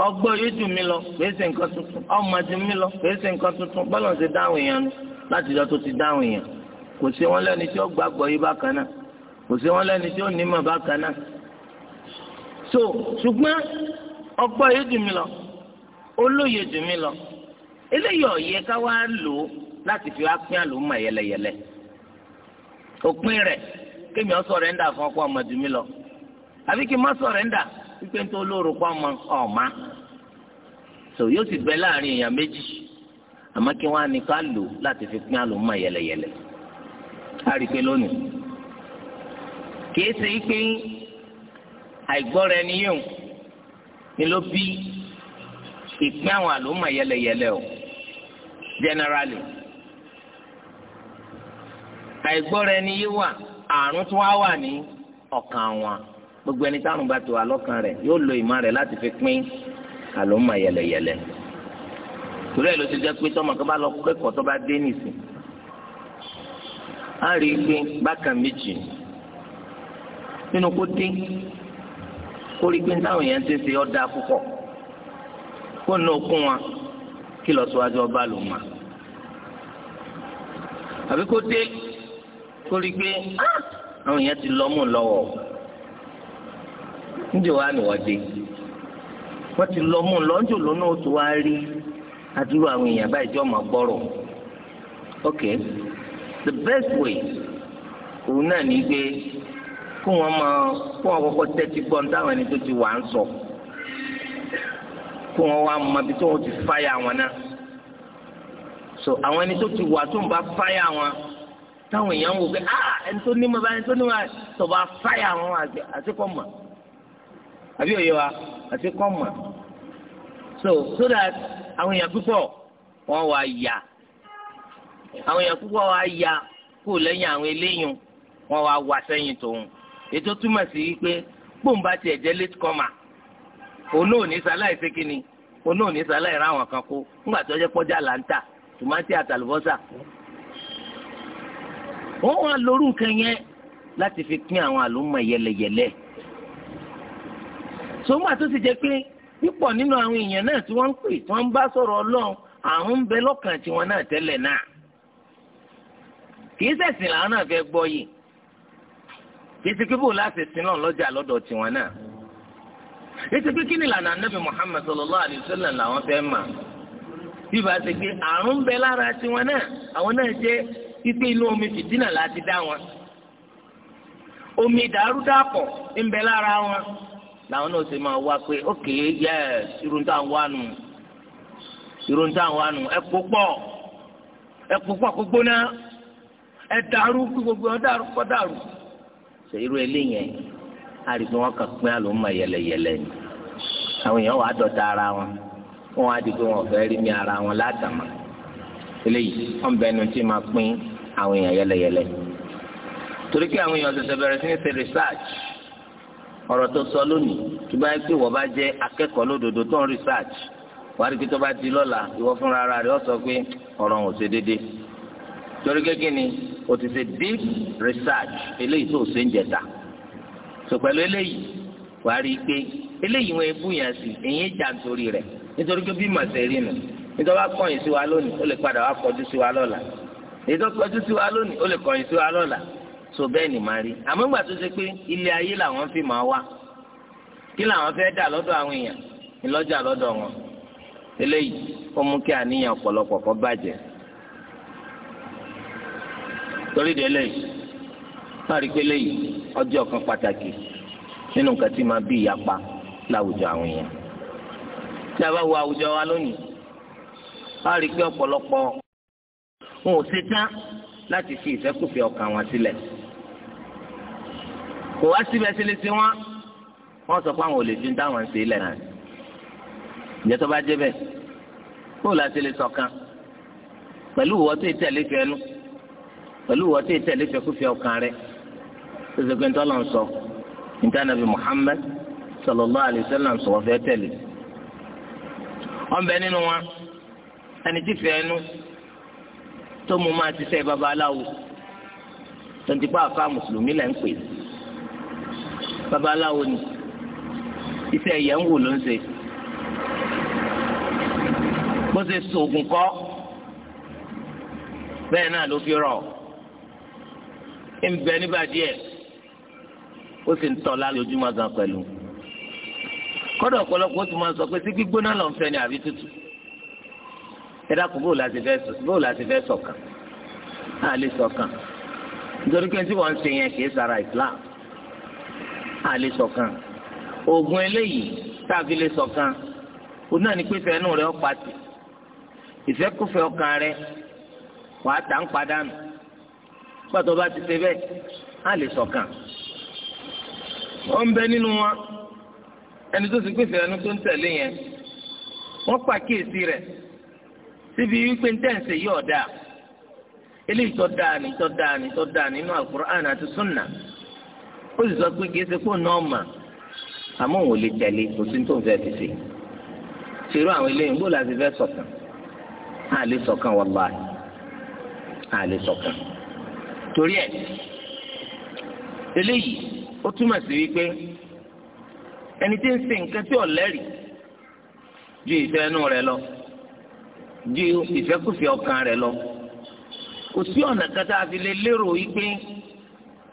ọgbọ́n yóò jù mí lọ kìí ṣe nǹkan tuntun ọmọ jù mí lọ kìí ṣe nǹkan tuntun bọ́lá ṣe dáhùn èèyàn láti lọ tó ti dáhùn èèyàn kò sí wọn lẹ́ni tí ó gbàgbọ́ yìí bákan náà kò sí wọn lẹ́ni tí ó ní bákan so ṣùgbọ́n ọgbọ yìí jù lọ olóye jù lọ eléyìí ká wá lò ó fi wá pín àlòmọ̀ yẹlẹyẹlẹ òpin o kémi ọ sọ̀rẹ́ńdà fún ọkọ ọmọ jù mí lọ àbí kí n má sọ̀rẹ́ńdà wípé ń tó lóru so yóò sì bẹ láàrin èèyàn méjì àmọ́ kí wọ́n á ní fi pín àlòmọ̀ yẹlẹyẹlẹ á rí i pé kìí ṣe pé àìgbọ́ra ẹni yóò ni ló bí ìpín àwọn àlòmọ̀ yẹlẹyẹlẹ o generally àìgbọ́ra ẹni yìí wà àrùn tó wá wà ní ọkàn wọn gbogbo ẹni táwọn bá tó wà lọ́kàn rẹ̀ yóò lo ìmọ̀ rẹ̀ láti fi pín àlòmọ̀ yẹlẹyẹlẹ torí ẹ̀ ló ti jẹ́ pé tọ́mọ kan bá lọ kẹ́kọ̀ọ́ tó bá dé nìsín á rí i pé bákan méjì ni nínú kó dín kó rí pé táwọn èèyàn ti ṣe ọ̀dà púpọ̀ kó nà ó kún wa kí lọ síwájú ọba ló mà àbí kó dé kó rí pé ah! àwọn èèyàn ti lọ́mù lọ́wọ́ níjẹ́ wàá nìwọ́de wọ́n ti lọ́mù lọ́jọ́ lónà ó tó rí adúrú àwọn èèyàn báyìí jọ máa gbọ́rọ̀ ok the best way òun náà ní gbé kó wọn máa kó wọn kọ́kọ́ tẹ́tí gbọ́ ní táwọn ẹni tó ti wà ń sọ kó wọn wá mọ ibi tó wọn ti fáyà wọn náà so àwọn ẹni tó ti wà tó ń bá fáyà wọn táwọn èèyàn wò pé ah ẹni tó ní mọ bá ẹni tó ní wà tó bá fáyà wọn àti kọ́ mọ̀ àbí òye wa àti kọ́ mọ̀ so so that àwọn èèyàn púpọ̀ wọ́n wá yà àwọn èèyàn púpọ̀ wá yà kó lẹ́yìn àwọn eléyìn wọ́n wá wá sẹ́yìn tòun ètò túmọ̀ sí wípé gbòǹba tiẹ̀ jẹ́ late comer òun ní sáláì ṣe kí ni òun ní sáláì ra àwọn kan kó ńgbà tó jẹ́ yẹn láti fi pín àwọn àlùmọ̀ yẹlẹyẹlẹ. tó ti jẹ́ pé pípọ̀ nínú àwọn èèyàn náà tí wọ́n ń pè tí wọ́n ń tiwọn náà tẹ́lẹ̀ náà. kì í làwọn náà fẹ́ yìí ti pé bò láti sin náà lọ́jà lọ́dọ̀ tiwọn náà yìí kí ni ìlànà anábì Muhammad sallallahu alayhi làwọn fẹ́ mà bí ba ṣe pé àrùn ń bẹ lára tiwọn náà àwọn náà ṣe inú omi fìdínà láti dá wọn omi ìdàrúdàpọ̀ ń bẹ lára wọn làwọn náà ṣe máa wá pé yes irun tá ń wá irun ń wá nù ẹ gbogbo ọ dàrú ṣe irú eléyẹn àrígbé wọn kàn pín àlòmọ yẹlẹyẹlẹ ni àwọn èèyàn wàá dọ̀tá ara wọn wọn á di pé wọn fẹ́ rí mi ara wọn látàmà eléyìí wọn bẹnu tí máa pín àwọn èèyàn yẹlẹyẹlẹ torí pé àwọn èèyàn ṣẹ̀ṣẹ̀ bẹ̀rẹ̀ sí ní ṣe research ọ̀rọ̀ tó sọ lónìí tó bá yẹ pé wọ́n bá jẹ́ akẹ́kọ̀ọ́ lódodo tó ń research wàá rí pé tó bá di lọ́la ìwọ fúnra ara rẹ̀ ó sọ pé ọ̀rọ̀ wọn ò ṣe déédéé torí kékeré ni o ti ṣe deep research eléyìí tó ṣe ń jẹta sọ pẹ̀lú eléyìí wà á rí i pé eléyìí wọn ebú yẹn sí èyí jà nítorí rẹ̀ nítorí pé bí màsẹ̀rì nù nítorí wọn kọ̀yìn sí wa lónìí ó lè padà wá kọjú sí wa lọ́la èyí kọjú sí wa lónìí ó lè kọ̀yìn sí wa lọ́la so bẹ́ẹ̀ ni màá rí àmọ́ ìgbà tó ṣe pé ilé ayé làwọn fi máa wá kí làwọn fẹ́ dà lọ́dọ̀ àwọn èèyàn ńlọ́jà lọ́dọ̀ wọn eléyìí ó mú kí àníyàn ọ̀pọ̀lọpọ̀ kó bàjẹ́ torí de eléyìí máa rí pé eléyìí ọjọ́ kan pàtàkì nínú nǹkan tí máa bí ìyapa láwùjọ àwọn èèyàn tí a bá wo àwùjọ wa lónìí máa rí pé ọ̀pọ̀lọpọ̀ wọn ò ṣetán láti fi ìfẹ́kùfẹ́ ọkàn wọn sílẹ̀ kò wá síbẹ̀ sílẹ̀ sí wọn wọ́n sọ pé àwọn ò lè fi dáwọn ṣe ilẹ̀ náà ìjẹ́ tó bá débẹ̀ kó o láti lè ṣọ̀kan pẹ̀lú ìwọ́sí ìtẹ̀lé fẹ́nu pẹ̀lú wọ́n tí ì tẹ̀lé fẹ́kúfẹ́ ọkàn rẹ̀ ṣèṣe pé nítorí wọn sọ níta nàbí Muhammad sallallahu alayhi wa sallam sọ̀rọ̀ fẹ́ tẹ̀lé wọn bẹ nínú wa ẹni tí fẹ́ nu tó mu máa ti sẹ́ babaláwo tonti pa afa mùsùlùmí lẹ́ ń pè babaláwo ni iṣẹ́ ìyẹn ń wò ló ń ṣe bó ṣe sòògùn kọ́ bẹ́ẹ̀ náà ló fi rọ̀ ọ́ ń bẹ nígbà díẹ̀ ó sì ń tọ́lá lójúmọ́ gan pẹ̀lú kọ́dọ̀ ọ̀pọ̀lọpọ̀ tó máa sọ pé sí gbígbóná lọ́n fẹ́ ni àbí tútù ẹ dákun bóòlù àti fẹ́ sọ̀kan á lè sọ̀kan nítorí pé tí wọ́n ń ṣe yẹn kì í sara Islam á lè sọ̀kan oògùn eléyìí tàbí lè sọ̀kan òun náà ní pípẹ́ inú rẹ̀ ọ́ pati ìfẹ́kùfẹ́ ọkàn rẹ̀ wàá tà ń padànù pàtó bá ti ṣe bẹ́ẹ̀ á lè ṣọ̀kan. ó ń bẹ nínú wọn ẹni tó ti pèsè ẹnu tó ń tẹ̀lé yẹn wọ́n pàkíyèsí rẹ̀ síbi wípé ń tẹ̀sí yìí ọ̀dà eléyìí tó dáa ní tó dáa ní tó dáa nínú Al-Qur'an àti sunna ó sì sọ pé kìí ṣe kó nọ́ọ̀mà àmọ́ òun ò lè tẹ̀lé kò sí tó ń fẹ́ fi ṣe ṣèrú àwọn eléyìí ń bó láti fẹ́ ṣọ̀kan á lè ṣọ̀kan wallahi á lè torí ẹ̀ eléyìí ó túmọ̀ sí wípé ẹni tí ń ṣe nǹkan tí ò lẹ́rìí ju ìfẹ́ inú rẹ̀ lọ ju ìfẹ́kùfẹ́ ọkàn rẹ̀ lọ kò sí ọ̀nà kata àfi lè lérò wípé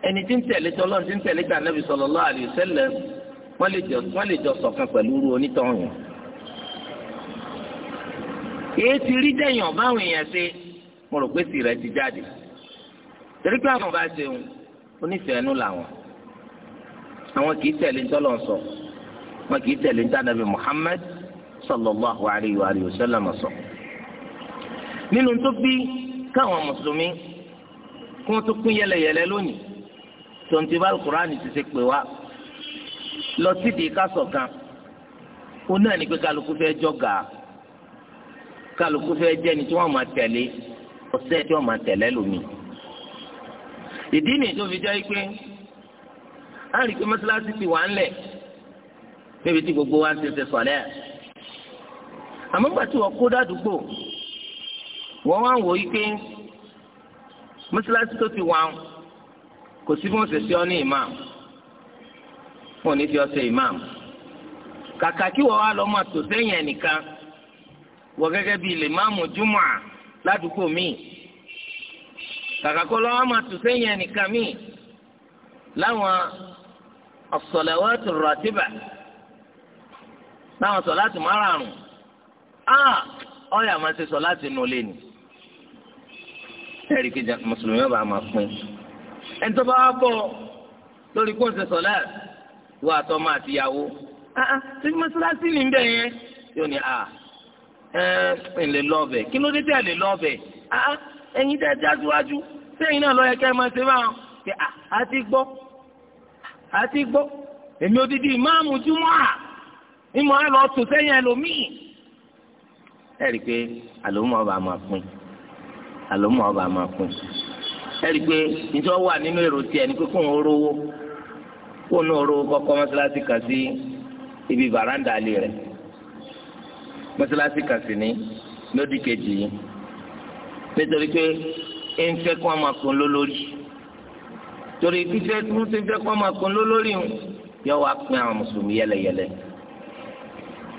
ẹni tí ń tẹ̀lé tọ́lọ́ tí ń tẹ̀lé tà Nábì sallallahu alaihi wasallam wọ́n lè jọ ṣọ̀kan pẹ̀lú irú onítọ̀hún èyí ti rí dẹ̀yìn ọ̀báwọn èèyàn ṣe mo rò pé sì ti jáde torí pé àwọn bá ṣeun onífẹ̀ẹ́ nù làwọn àwọn kì í tẹ̀lé ńtọ́lọ̀ sọ wọn kì í tẹ̀lé ńtànàbí Muhammad sallallahu alayhi wa alihi wa sallam sọ. nínú tó bí káwọn mùsùlùmí kí wọ́n tún pín yẹlẹyẹlẹ lónìí tonti bá alukurani ti ṣe pè wá lọ sídìí kásọ̀ kan ó náà ní pé kálukú fẹ́ jọ̀gà kálukú fẹ́ jẹ́ni tí wọ́n máa tẹ̀lé ọ̀sẹ̀ tí wọ́n máa tẹ̀lé lómi ìdí nìyí tó fi jẹ́ pé a rí i pé mọ́sálásí ti wà ńlẹ̀ níbi tí gbogbo wa ń ṣe ṣe sọ̀lẹ́ àmọ́ gbà tí wọ́n kó dádúgbò wọ́n wá wò yí mọ́sálásí tó ti wà ń kò sí fún ṣẹṣẹ ọ ní imam wọn ò fi ọṣẹ imam kàkà kí wọ́n wá lọ máa tò sẹ́yìn ẹnìkan wọ gẹ́gẹ́ bíi lè máàmù júmọ̀ ládùúgbò míì kàkàkọ́ lọ́wọ́ máa tù sẹ́yìn ẹnìkan míì láwọn as-salawatu ar-ratiba láwọn sọ̀láàtì márààrún ọ̀yà máa ṣe sọ̀láàtì nù lé ni ẹ̀rí kí mùsùlùmí ọba máa pín ẹni tó bá wá bọ̀ lórí kó ń ṣe sọ̀láàtì ìwọ àtọ́mọ àtìyàwó ṣé mọ́ṣáláṣí ni ń bẹ̀ yẹn yóò ní ẹ̀ ń lè lọ́ọ̀bẹ̀ kí ló dé tẹ́ ẹ̀ lè lọ́ọ̀bẹ̀ ẹ̀yin tẹ́ ẹ já síwájú sẹ́yìn náà lọ́yẹ kẹ́ ẹ máa ṣe báwọn pé àti gbọ́ ti gbọ́ èmi odidi ìmáàmù júmọ́ à ìmọ̀ ẹ lọ tò sẹ́yìn ẹlòmíì ẹ rí i pé àlòmọ́ ọba máa pín àlòmọ́ ọba máa pín ẹ rí i pé ìjọ wà nínú èrò tiẹ̀ ní pé kóun orówó kóun orówó kọ́kọ́ mọ́ṣáláṣí kan sí ibi bàrándà alẹ́ rẹ̀ mọ́ṣáláṣí kan sì ní lódì kejì yìí. nítorí pé ń fẹ́ kó ọmọ kan lólórí torí fífẹ́ tó ń fẹ́ kó ọmọ kan lólórí ń yọ wá pín àwọn mùsùlùmí yẹlẹyẹlẹ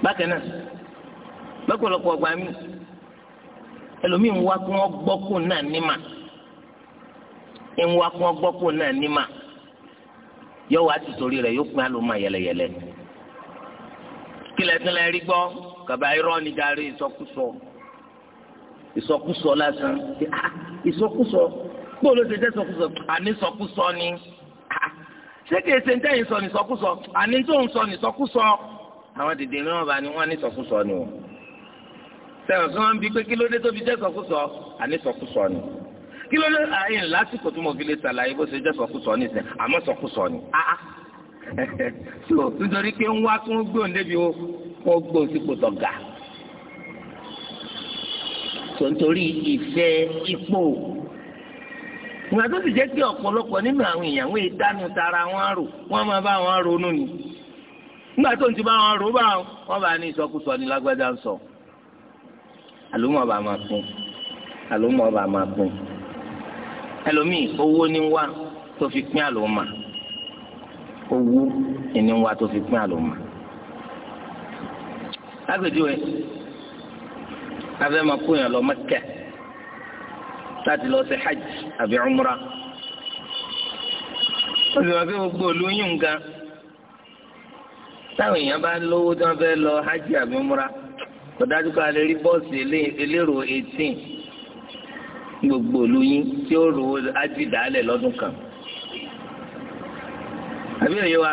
bákan náà lọ́pọ̀lọpọ̀ ọgbà mi ẹlòmíì ń wá kó wọ́n gbọ́kùn náà nímà ń wá kó wọ́n gbọ́kùn náà nímà yọ wá ti rẹ̀ yóò pín àlùmọ̀ yẹlẹyẹlẹ kílẹ̀ tí wọ́n rí gbọ́ kàbá irọ́ níjà rí ìsọkúsọ. So ìsọkúsọ lásán ah, ìsọkúsọ gbọ́dọ̀ ló ṣe jẹ́ sọkúsọ àní sọkúsọ ni ah, ṣé kìí ṣe ń tẹ́yìn sọ ní sọkúsọ àní tó ń sọ ní sọkúsọ àwọn dèdè mìíràn bá ní wọ́n ní sọkúsọ ni o sẹ́wọ̀n kí wọ́n ń bi pé kí ló dé tó fi jẹ́ sọkúsọ àní sọkúsọ ni kí ló dé àyè ah, lásìkò tó mọ̀ fi lè ṣàlàyé bó ṣe jẹ́ sọkúsọ ní ìsìn àmọ́ sọkúsọ ni so nítorí pé ń wá kí wọ́n gbóhùn débi wọn gbóhùn sípò tọ̀gà tó ń torí ìfẹ́ ipò ìgbà tó sì jẹ́ pé ọ̀pọ̀lọpọ̀ nínú àwọn èèyàn wọ́n dánú tara wọn rò wọ́n máa bá wọn ronú ni nígbà tó ń ti bá wọn rò bá wọn bá ní ìsọkúsọ ní lágbájá ń sọ àlùmọ̀ bá máa pín àlùmọ̀ bá máa pín ẹlòmíì owó ní wá tó fi pín àlùmọ̀ owó ní wá tó fi pín àlùmọ̀ lágbèjúwe abẹ́ máa kó yàn lọ Mẹ́kà láti lọ sí hajj àbí umra ó sì máa fi gbogbo òlu yín táwọn èèyàn bá lówó tí wọ́n fẹ́ lọ hajj àbí umra kò dájú pé a lè rí bọ́ọ̀sì elérò gbogbo òlu tí ó ro hajj dálẹ̀ lọ́dún kan àbí òye wa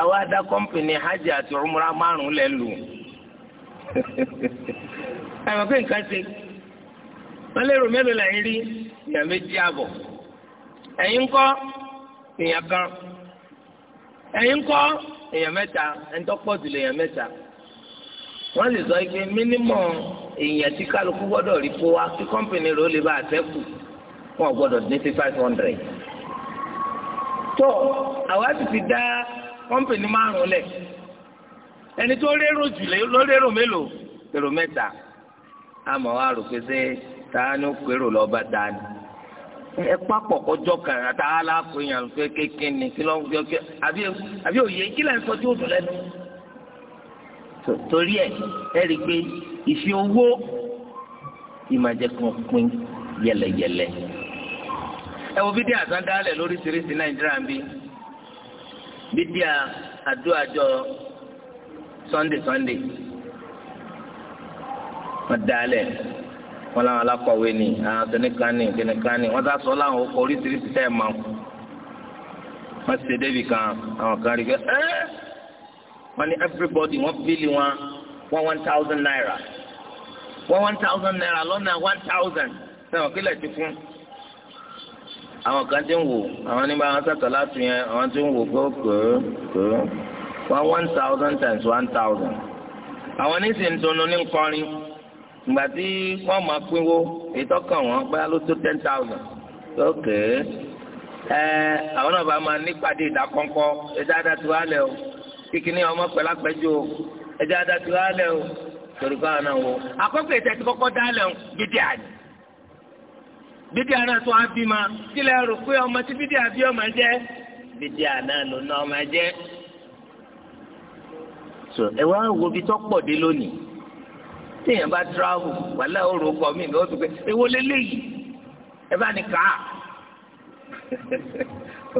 àwa dá kọ́mpìnì hajj àti márùn-ún àyàmọ̀ pé nǹkan ṣe wọ́n lérò mélòó lẹ́yìn rí èèyàn méjì àbọ̀ ẹ̀yin ńkọ́ èèyàn kan ẹ̀yin ńkọ́ èèyàn mẹ́ta ẹ̀ńtọ́pọ̀ jù lè èèyàn mẹ́ta wọ́n lè sọ pé mínímọ̀ èèyàn tí kálukú gbọ́dọ̀ rí kó wá kí kọ́mpìnì rẹ̀ ó lè bá àtẹ́kù wọn gbọ́dọ̀ ní sí five hundred. tó àwa sì ti dá kọ́mpìnì márùn-ún lẹ̀ ẹni tó lérò jù lé ló mélòó lérò mẹ́ta àmọ́ wa rò pé ṣé táwa ni dání ẹ papọ̀ kọjọ́ kan àtàwọn alákòóyàn pé kékeré ni kí ń gbé ọkẹ́ àbí òye kí lẹ́nu sọ tí ó dùn lẹ́nu. torí ẹ ẹ rí i pé ìfi owó ìmàjẹkùn pin yẹlẹyẹlẹ ẹ wo sunday sunday. wọ́n dalẹ̀ wọ́n làwọn alákọ̀wé ni àwọn kìnnìkanì kìnnìkanì wọ́n sá sọ láwọn okò oríṣiríṣi tẹ́ ẹ̀ mọ́ wọ́n ṣe débi kan àwọn kan rí i pé ẹ́ wọ́n ní everybody wọ́n bílì wọn one thousand naira One one thousand naira lọ́nà one thousand sẹ́wọ̀n kílẹ̀ ti fún àwọn kan ti ń wò àwọn nígbà wọn sàtọ̀ láti yẹn àwọn ti ń wò pé kò kò wọn one thousand times one thousand àwọn nísìnyí tó nu ní nkọrin ìgbà tí ma máa pínwó ìtọ́kàn wọn gbá ló tó ten thousand lókè ẹ àwọn náà bá máa nípàdé ìdákọ́ńkọ́ ẹjẹ́ adátu alẹ́ o kíkiní ọmọ pẹ̀lú apẹ́jọ́ ẹjẹ́ adátu alẹ́ o torí káwọn náà wò. àkọ́kọ́ ètò ẹ̀sìn kọ́kọ́ dálẹ̀ o gidi àná gidi àná tó á bí ma kílẹ̀ rò pé ọmọ tí gidi àbí ọmọ jẹ́ gidi àná ló ná ọmọ jẹ́. ẹ wá wo bí tọ́pọ̀ dé lónìí téèyàn bá travel wàhálà òrò kọ mí lọ́wọ́ tó pé èwo lélẹ́yìí ẹ bá ní kàá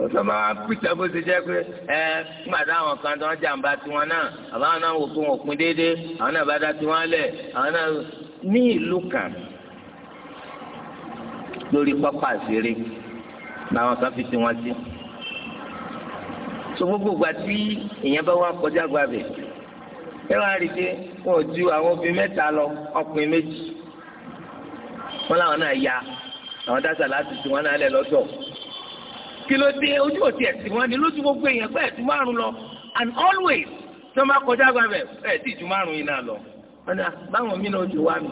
ọ̀sán máa wá pìtà bó ṣe jẹ́ pé ẹ nígbà táwọn kan tó ń jàǹbá tiwọn náà àbáwọn náà wò pé wọn pin déédéé àwọn náà bá dá tiwọn lẹ̀ àwọn náà ní ìlú kan lórí pápá ìṣeré làwọn kan fi tiwọn sí. so gbogbo ìgbà tí èèyàn bá wá kọjá gbàgbé ẹ wá rí i pé wọn ò ju àwọn obìnrin mẹ́ta lọ ọkùnrin méjì wọn làwọn náà ya àwọn dáṣà láti tu wọn náà lẹ lọ́tọ̀ kí ló dé ojú òtí ẹ̀sìn wọn ni lójú gbogbo èèyàn pé ẹ̀sìn márùn lọ and always tí wọn bá kọjá gbàgbẹ ẹ̀ tí ìjú márùn yìí náà lọ wọn náà ah, báwọn mí náà ojú wa mi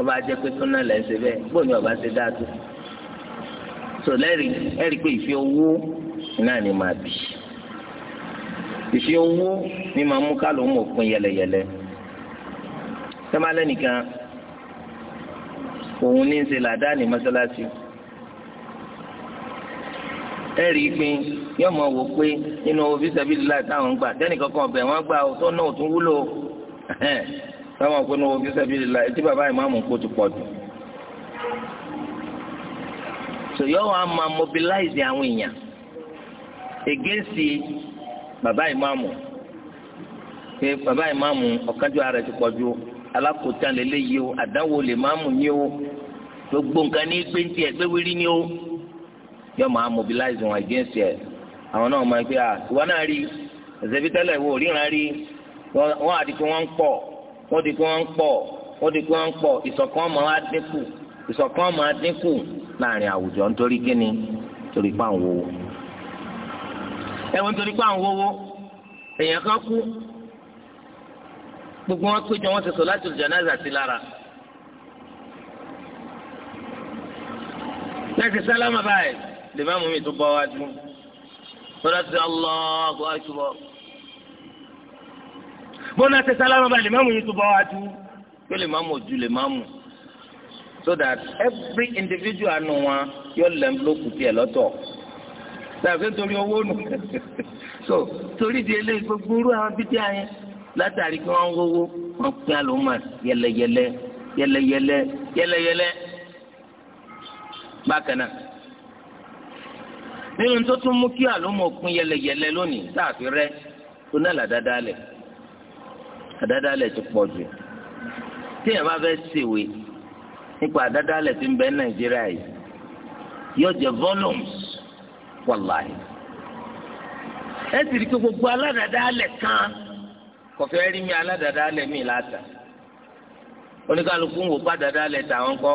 ọba jẹ pé tó náà lẹ́sẹ̀ bẹ́ẹ̀ bóun ni ọba ṣe dáa tó so lẹ́rìí ẹ̀rí pé ìfẹ́ owó náà ni màá bì í ìṣe owó ni màá mú kálọ̀ mọ̀ pin yẹlẹyẹlẹ sẹ́málẹ́ nìkan òun ní í ṣe làdáni mọ́sálásí ẹ rí i pé yóò mọ̀ wò pé nínú owó fisabilillah táwọn ń gbà tẹ́nìkan kan ọ̀bẹ̀ wọ́n gbà tó náà tún wúlò táwọn ọ̀pẹ́ nínú owó fisabilillah etí bàbá ìmáàmù kò ti pọ̀ jù so yóò wá máa mobilize àwọn èèyàn ègé sí i bàbá ìmáàmù pé bàbá ìmáàmù ọ̀kánjú ara ti pọ̀jù alákòótán lélẹ́yìí o àdáwò lè máàmù ní o gbogbo nǹkan ní gbé ntí ẹ gbé wírí ní o yọ máa mobilize wọn against ẹ àwọn náà máa gbé à ìwọ náà rí ẹsẹbi tẹ́lẹ̀ wo ríran rí wọn àti pé wọn ń pọ̀ wọn di pé wọn ń pọ̀ wọn di pé wọn ń pọ̀ ìṣọ̀kan máa wá dínkù ìṣọ̀kan máa dínkù láàrin àwùjọ nítorí kíni torí pàǹwò ẹ̀wọ̀n torí pé àwọn owó èèyàn kan kú gbogbo wọn péjọ wọn ti láti janaza sí lára. láti sálámà báyìí lè má mú mi tó bọ́ wá bọ́dá ti Allahu akbar. bọ́dá ti sálámà báyìí lè má mú mi tó bọ́ wá yóò lè má mú ojú lè má mú so that every individual nù wọn yóò lẹ́nu lókùtì ẹ̀ lọ́tọ̀ tàbí torí owó nù so torí di eléyìí gbogbo irú àwọn bídí àyẹn látàrí kí wọ́n ń wọ́wọ́ wọ́n pín àlùmọ́ yẹlẹyẹlẹ yẹlẹyẹlẹ yẹlẹyẹlẹ bákan náà nínú tó tún mú kí àlùmọ́ pín yẹlẹyẹlẹ lónìí sáàfin rẹ tó náà làdáadáa lẹ̀ àdáadáa lẹ̀ ti pọ̀ jù téèyàn bá fẹ́ ṣèwé nípa àdáadáa lẹ̀ ti ń bẹ Nàìjíríà yìí yóò jẹ volumes wàláhì ẹ sì rí i pé gbogbo kan kọfẹ́ rí mi aládàádáalẹ̀ mi láta oníkàlùkù ń wò bá dáadáalẹ̀ tàwọn kọ́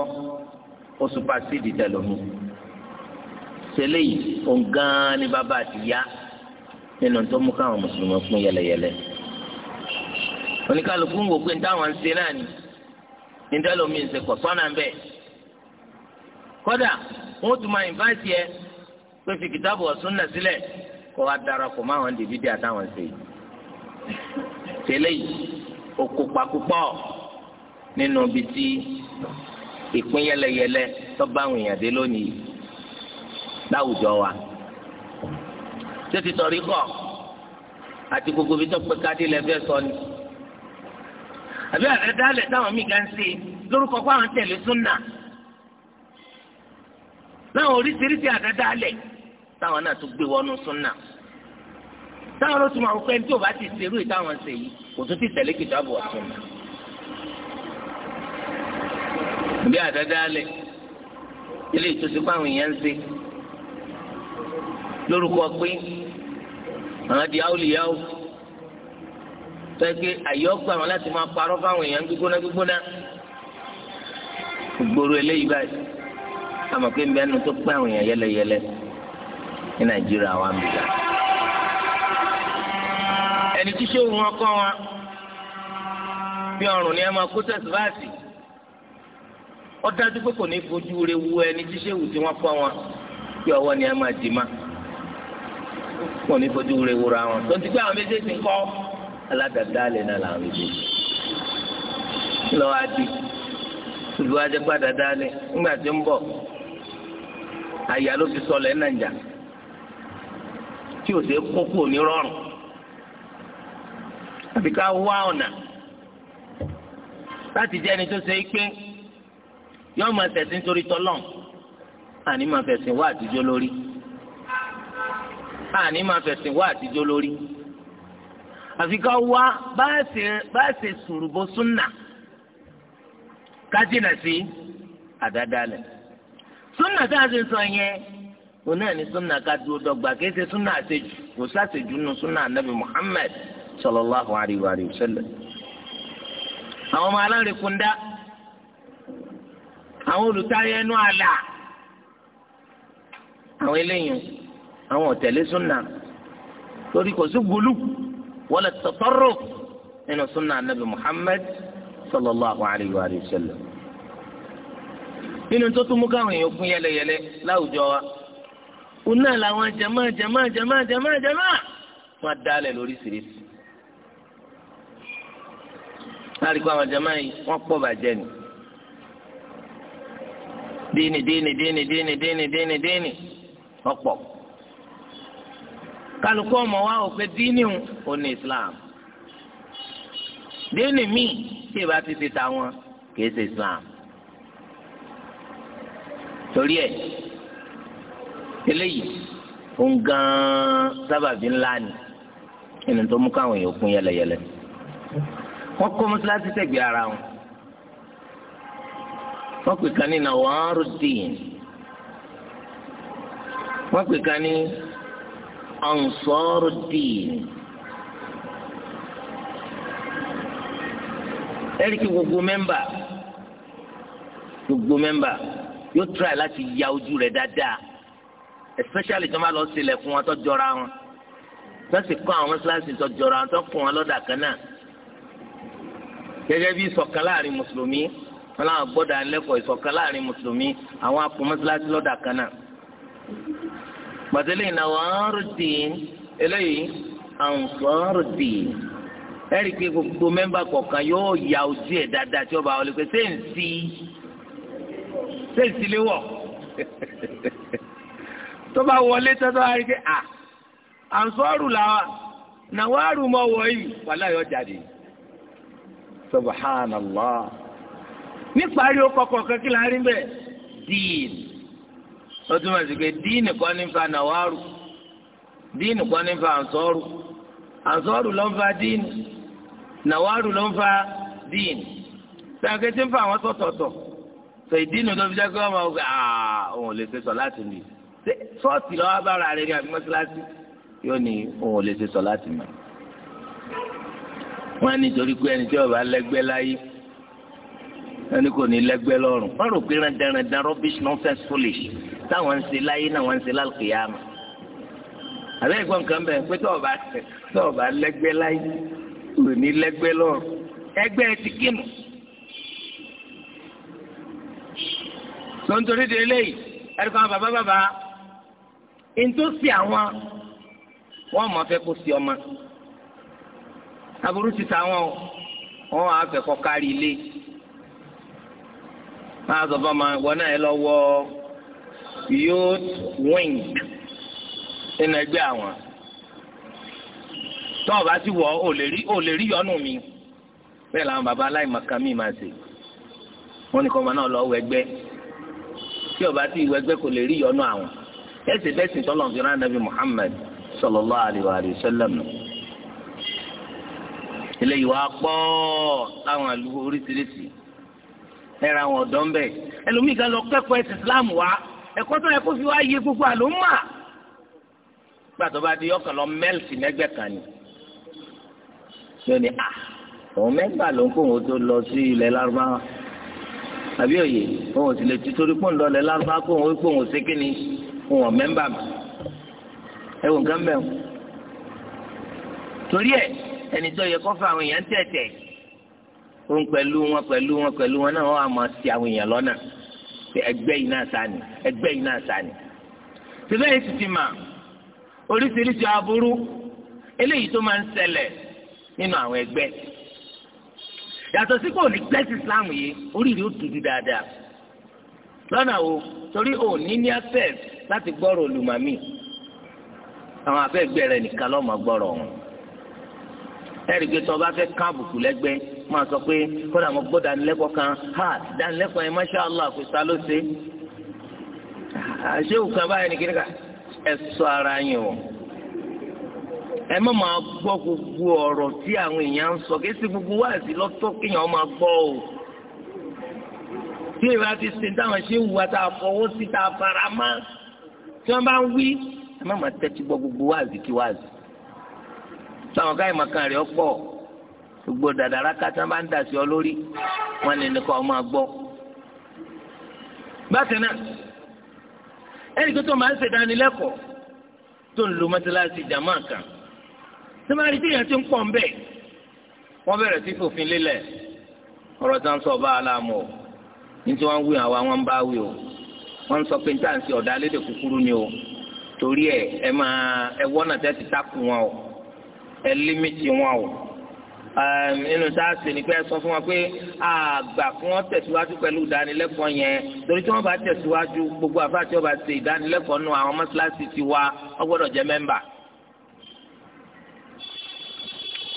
oṣù pàṣídìí tẹ̀lómi ṣẹlẹ̀ yìí òun gan ni bàbá àti ìyá nínú tó mú káwọn mùsùlùmí pín yẹlẹyẹlẹ oníkàlùkù ń wò pé táwọn ń ṣe náà ni ní ń sọ́nà bẹ́ẹ̀ wọ́n tún máa pé fi kìtàbù ọ̀sùn náà sílẹ̀ kó wa darapọ̀ mọ́ àwọn dèbídé àtàwọn ṣe tẹ́lẹ̀ yìí òkùpà púpọ̀ nínú ibi tí ìpín yẹlẹyẹlẹ tó bá àwọn èèyàn dé lónìí láwùjọ wa ṣé ti tọrí kọ àti gbogbo ibi tó pé káàdì lẹ́fẹ́ sọ ni àbí àdádálẹ̀ táwọn míì kan ṣe lórúkọ fún àwọn tẹ̀lé súnà láwọn oríṣiríṣi àdádálẹ̀. táwọn náà tún gbé wọnú súnà táwọn ló tún máa pẹ́ tí bá ti ṣerú ìtàwọn ṣe yìí kò tún ti tẹ̀lé kìtàbù ọ̀tún náà. bí àdádálẹ̀ ilé ìtòsí fáwọn èèyàn ń ṣe lórúkọ pé àwọn di áwòlìyáwò tẹ́gbẹ́ àyọ́gbà wọn láti máa parọ́ fáwọn èèyàn gbígbóná gbígbóná gbòòrò eléyìí báyìí àmọ̀ pé ń bẹ́ẹ̀ nu tó pẹ́ ní nàìjíríà wa ń bìlà. ẹni tí ṣé òun ọkọ wọn bí ọrùn ni ẹ máa kó tẹ̀síwáàsì ó dájú pé kò ní fojú rẹ wu ẹni tí ṣé òun tí wọ́n kọ́ wọn bí ọwọ́ ni ẹ máa dì má kò ní fojú rẹ wura wọn tó pé àwọn méjèèjì ń kọ́ aládàáda náà làwọn méjèèjì lọ́wọ́ á di olùwájẹ́ gbàdàdà ńgbà tí ń bọ̀ àyà ló fi sọlẹ̀ nàìjà tí ò sí kún kú onírọ̀rùn àfi ká wá ọ̀nà láti jẹ́ ẹni tó ṣe é pé yọ́ọ́ máa tẹ̀sìn torí tọ́lọ́n àní máa fẹ̀sìn wá àtijọ́ lórí àní máa fẹ̀sìn wá àtijọ́ lórí àfi ká wá bá a ṣe sùrùbọ súnà ká jìnà sí àdádálẹ̀ súnà tá a ṣe sọ yẹn òun náà ní súnà ká dúró dọ́gba kì í ṣe súnà àṣejù kò sàṣejù nù súnà ànábì Muhammad sallallahu alayhi wa sallam. àwọn ọmọ alárèkúndá àwọn olùtayọ ẹnu àlà àwọn eléyìí àwọn ọ̀tẹ̀lé súnà torí kò sí gbólú wala tatarruf nínú súnà ànábì Muhammad sallallahu alayhi wa sallam. nínú tó tún mú káwọn èèyàn kún yẹlẹyẹlẹ láwùjọ wa òun náà làwọn jama jama jama jama jama wọn dalẹ̀ lóríṣiríṣi láti kó àwọn jama yìí wọn pọ̀ bàjẹ́ ni díìnì díìnì díìnì díìnì díìnì díìnì díìnì wọn pọ̀ kálukú ọmọ wa ò pé díìnì ò ní Islam díìnì míì tí ìbá ti ti ta wọn kì í ṣe Islam torí ẹ̀ eléyìí òun gan-an sábàbí ńlá ni ẹni tó mú káwọn èèyàn kún yẹlẹyẹlẹ wọ́n kọ́ mọ́sálásí sẹ́gbẹ̀ẹ́ ara wọn wọ́n pè kan ní Nawaruddin wọ́n pè kan ní Ansaruddin ẹ̀ríkì gbogbo mẹ́mbà gbogbo mẹ́mbà yóò tíra láti ya ojú rẹ̀ dáadáa especially tó máa lọ sílẹ̀ fún wọn tó jọra wọn tó sì kọ́ àwọn mọ́ṣáláṣí tó jọra wọn tó kún wọn lọ́dà kan náà gẹ́gẹ́ bí ìṣọ̀kan láàrin mùsùlùmí wọn làwọn gbọ́dọ̀ alẹ́kọ̀ọ́ ìṣọ̀kan láàrin mùsùlùmí àwọn akọ mọ́ṣáláṣí lọ́dà kan náà pàtẹ́lẹ̀ ìnáwó ọ̀rùndín eléyìí àǹfọ̀rùndín ẹ̀rí pé gbogbo mẹ́mbà kọ̀ọ̀kan yóò ya ojú ẹ̀ dáadáa tí ó bá wọlé pé sẹ́ǹsì sẹ́ǹsì léwọ̀ tó bá wọlé tọ́tọ́ wá rí a à ànsọ́rù làwà nàwọn àrùmọ̀ wọ̀nyí yọ jáde subhanallah níparí ó kọkọ kankí la bẹ́ẹ̀ díìn ó túmọ̀ sí pé díìn kọ́ ní fa nàwárù díìn kọ́ ní fa ànsọ́rù ànsọ́rù ló ń fa díìn nàwárù ló ń fa díìn sàkété ń fa àwọn sọ sọ́ọ̀tì lọ́wọ́ bára rẹ̀ rí àbí mọ́sálásí yóò ní òun ò lè ṣe sọ láti mọ̀. wọ́n á nítorí pé ẹni tí ọba lẹ́gbẹ́ láyé ẹni kò ní lẹ́gbẹ́ lọ́rùn wọ́n rò pé randarandan rubbish nonsense foolish táwọn ń ṣe láyé náà wọ́n ń ṣe lálùkìyàmù. àbẹ́ ìgbọ́n kan bẹ̀ pé tọ́ọ̀bà tọ́ọ̀bà lẹ́gbẹ́ láyé kò ní lẹ́gbẹ́ lọ́rùn ẹgbẹ́ ti kínú. sọ́ńtorí de eléyìí ẹ̀rí kan bàbá bàbá ntòsí àwọn wọn mọ fẹ́ kó sí ọmọ aburú ti ta wọn o wọn wàá fẹ́ kọ kárí ilé máa sọ fún ọmọ ìwọ náà ẹ lọ wọ youth wing nínú ẹgbẹ́ àwọn tọ́ọ̀ bá ti wọ̀ ọ́ ò lè rí yọnu mi bẹ́ẹ̀ làwọn baba aláìmọ̀kan mi máa ṣe wọ́n ní kọ́ ọmọ náà lọ wọ ẹgbẹ́ tí ọba ti wọ ẹgbẹ́ kò lè rí yọnu àwọn ẹsẹ bẹsẹ tọlọ ń fira nabi muhammed sallallahu alayhi wa sallam eléyìí wá pọ̀ láwọn àlùkò oríṣiríṣi ẹ̀rọ àwọn ọ̀dọ́ ń bẹ̀ ẹlòmíì kan lọ kẹ́kọ̀ọ́ ẹ̀sìn islam wa ẹ̀kọ́ tó yẹ kó fi wá yé gbogbo àlòmà gbàtọ́ bá di ọkàn lọ mẹ́lìtì lẹ́gbẹ̀ẹ́ kan ni yóò ní à ah, òun mẹ́gbà ló ń kó òun tó lọ sí ilẹ̀ lárúbáwá àbí òye òun sì lè ti torí pọ́ńdọ̀ ilẹ̀ lárúbáwá kó òun kó òun ṣe kíni fún wọn mẹ́mbà mi ẹ wò nǹkan bẹ́ẹ̀ o torí ẹ ẹni tó yẹ kó fa àwọn èèyàn tẹ̀tẹ̀ òun pẹ̀lú wọn pẹ̀lú wọn pẹ̀lú wọn náà wọ́n á máa ṣì àwọn èèyàn lọ́nà ẹgbẹ́ yìí náà sani ẹgbẹ́ yìí náà sani tìbẹ́ yìí ti mà oríṣiríṣi aburú eléyìí tó máa ń ṣẹlẹ̀ nínú àwọn ẹgbẹ́ yàtọ̀ sí kò ní gbẹ́sì Islam yìí oríire ó tutù dáadáa lọ́nà wo torí òní ní access láti gbọ́rọ̀ olùmọ̀mí àwọn afẹ́gbẹ́ rẹ̀ nìkan lọ́mọ gbọ́rọ̀ wọn ẹ̀rí pé tí wọ́n bá fẹ́ kán àbùkù lẹ́gbẹ́ máa sọ pé kódà mo gbọ́ dánilẹ́kọ̀ọ́ kan ha dánilẹ́kọ̀ọ́ yẹn masha allah kò sá ló ṣe àṣewù kan báyìí nìkan níka ẹ sọ ara yín o ẹ má máa gbọ́ gbogbo ọ̀rọ̀ tí àwọn èèyàn ń sọ kí sí gbogbo wáàsí lọ́tọ́ kéèyàn máa gbọ́ o tí ìrora ti ṣe táwọn ṣe ń wù wá tá a sí tá fara máa tí wọ́n bá ń wí ẹ má má tẹ́tí gbọ́ gbogbo wáàzì kí wáàzì táwọn káyìmọ̀ kan rẹ̀ pọ̀ gbogbo dàdàrà kátà bá ń dà sí ọ lórí wọn ní nìkan ọmọ gbọ́. bákan náà ẹnì tó tó máa ń ṣèdánilẹ́kọ̀ọ́ tó ń lo mọ́tíláṣí jàmọ́ kan tí wọ́n rí tíyẹn ti ń pọ̀ ń bẹ̀ wọ́n bẹ̀rẹ̀ sí fòfin lélẹ̀ ọ̀rọ̀ tí wọ́n ń wọ́n sọ pé níta sí ọ̀dà lédè kúkúrú ni o torí ẹ ẹ máa ẹ wọ́nà tẹ́ ti takùn wọn o ẹ límìtì wọn o nínú tá a sì ní pé ẹ sọ fún wa pé àgbà fún wọn tẹ̀síwájú pẹ̀lú ìdánilẹ́kọ̀ọ́ yẹn torí tí wọ́n bá tẹ̀síwájú gbogbo àfáà tí wọ́n bá ṣe ìdánilẹ́kọ̀ọ́ nù àwọn mọ́ṣáláṣí ti wá wọ́n gbọ́dọ̀ jẹ́ mẹ́mbà.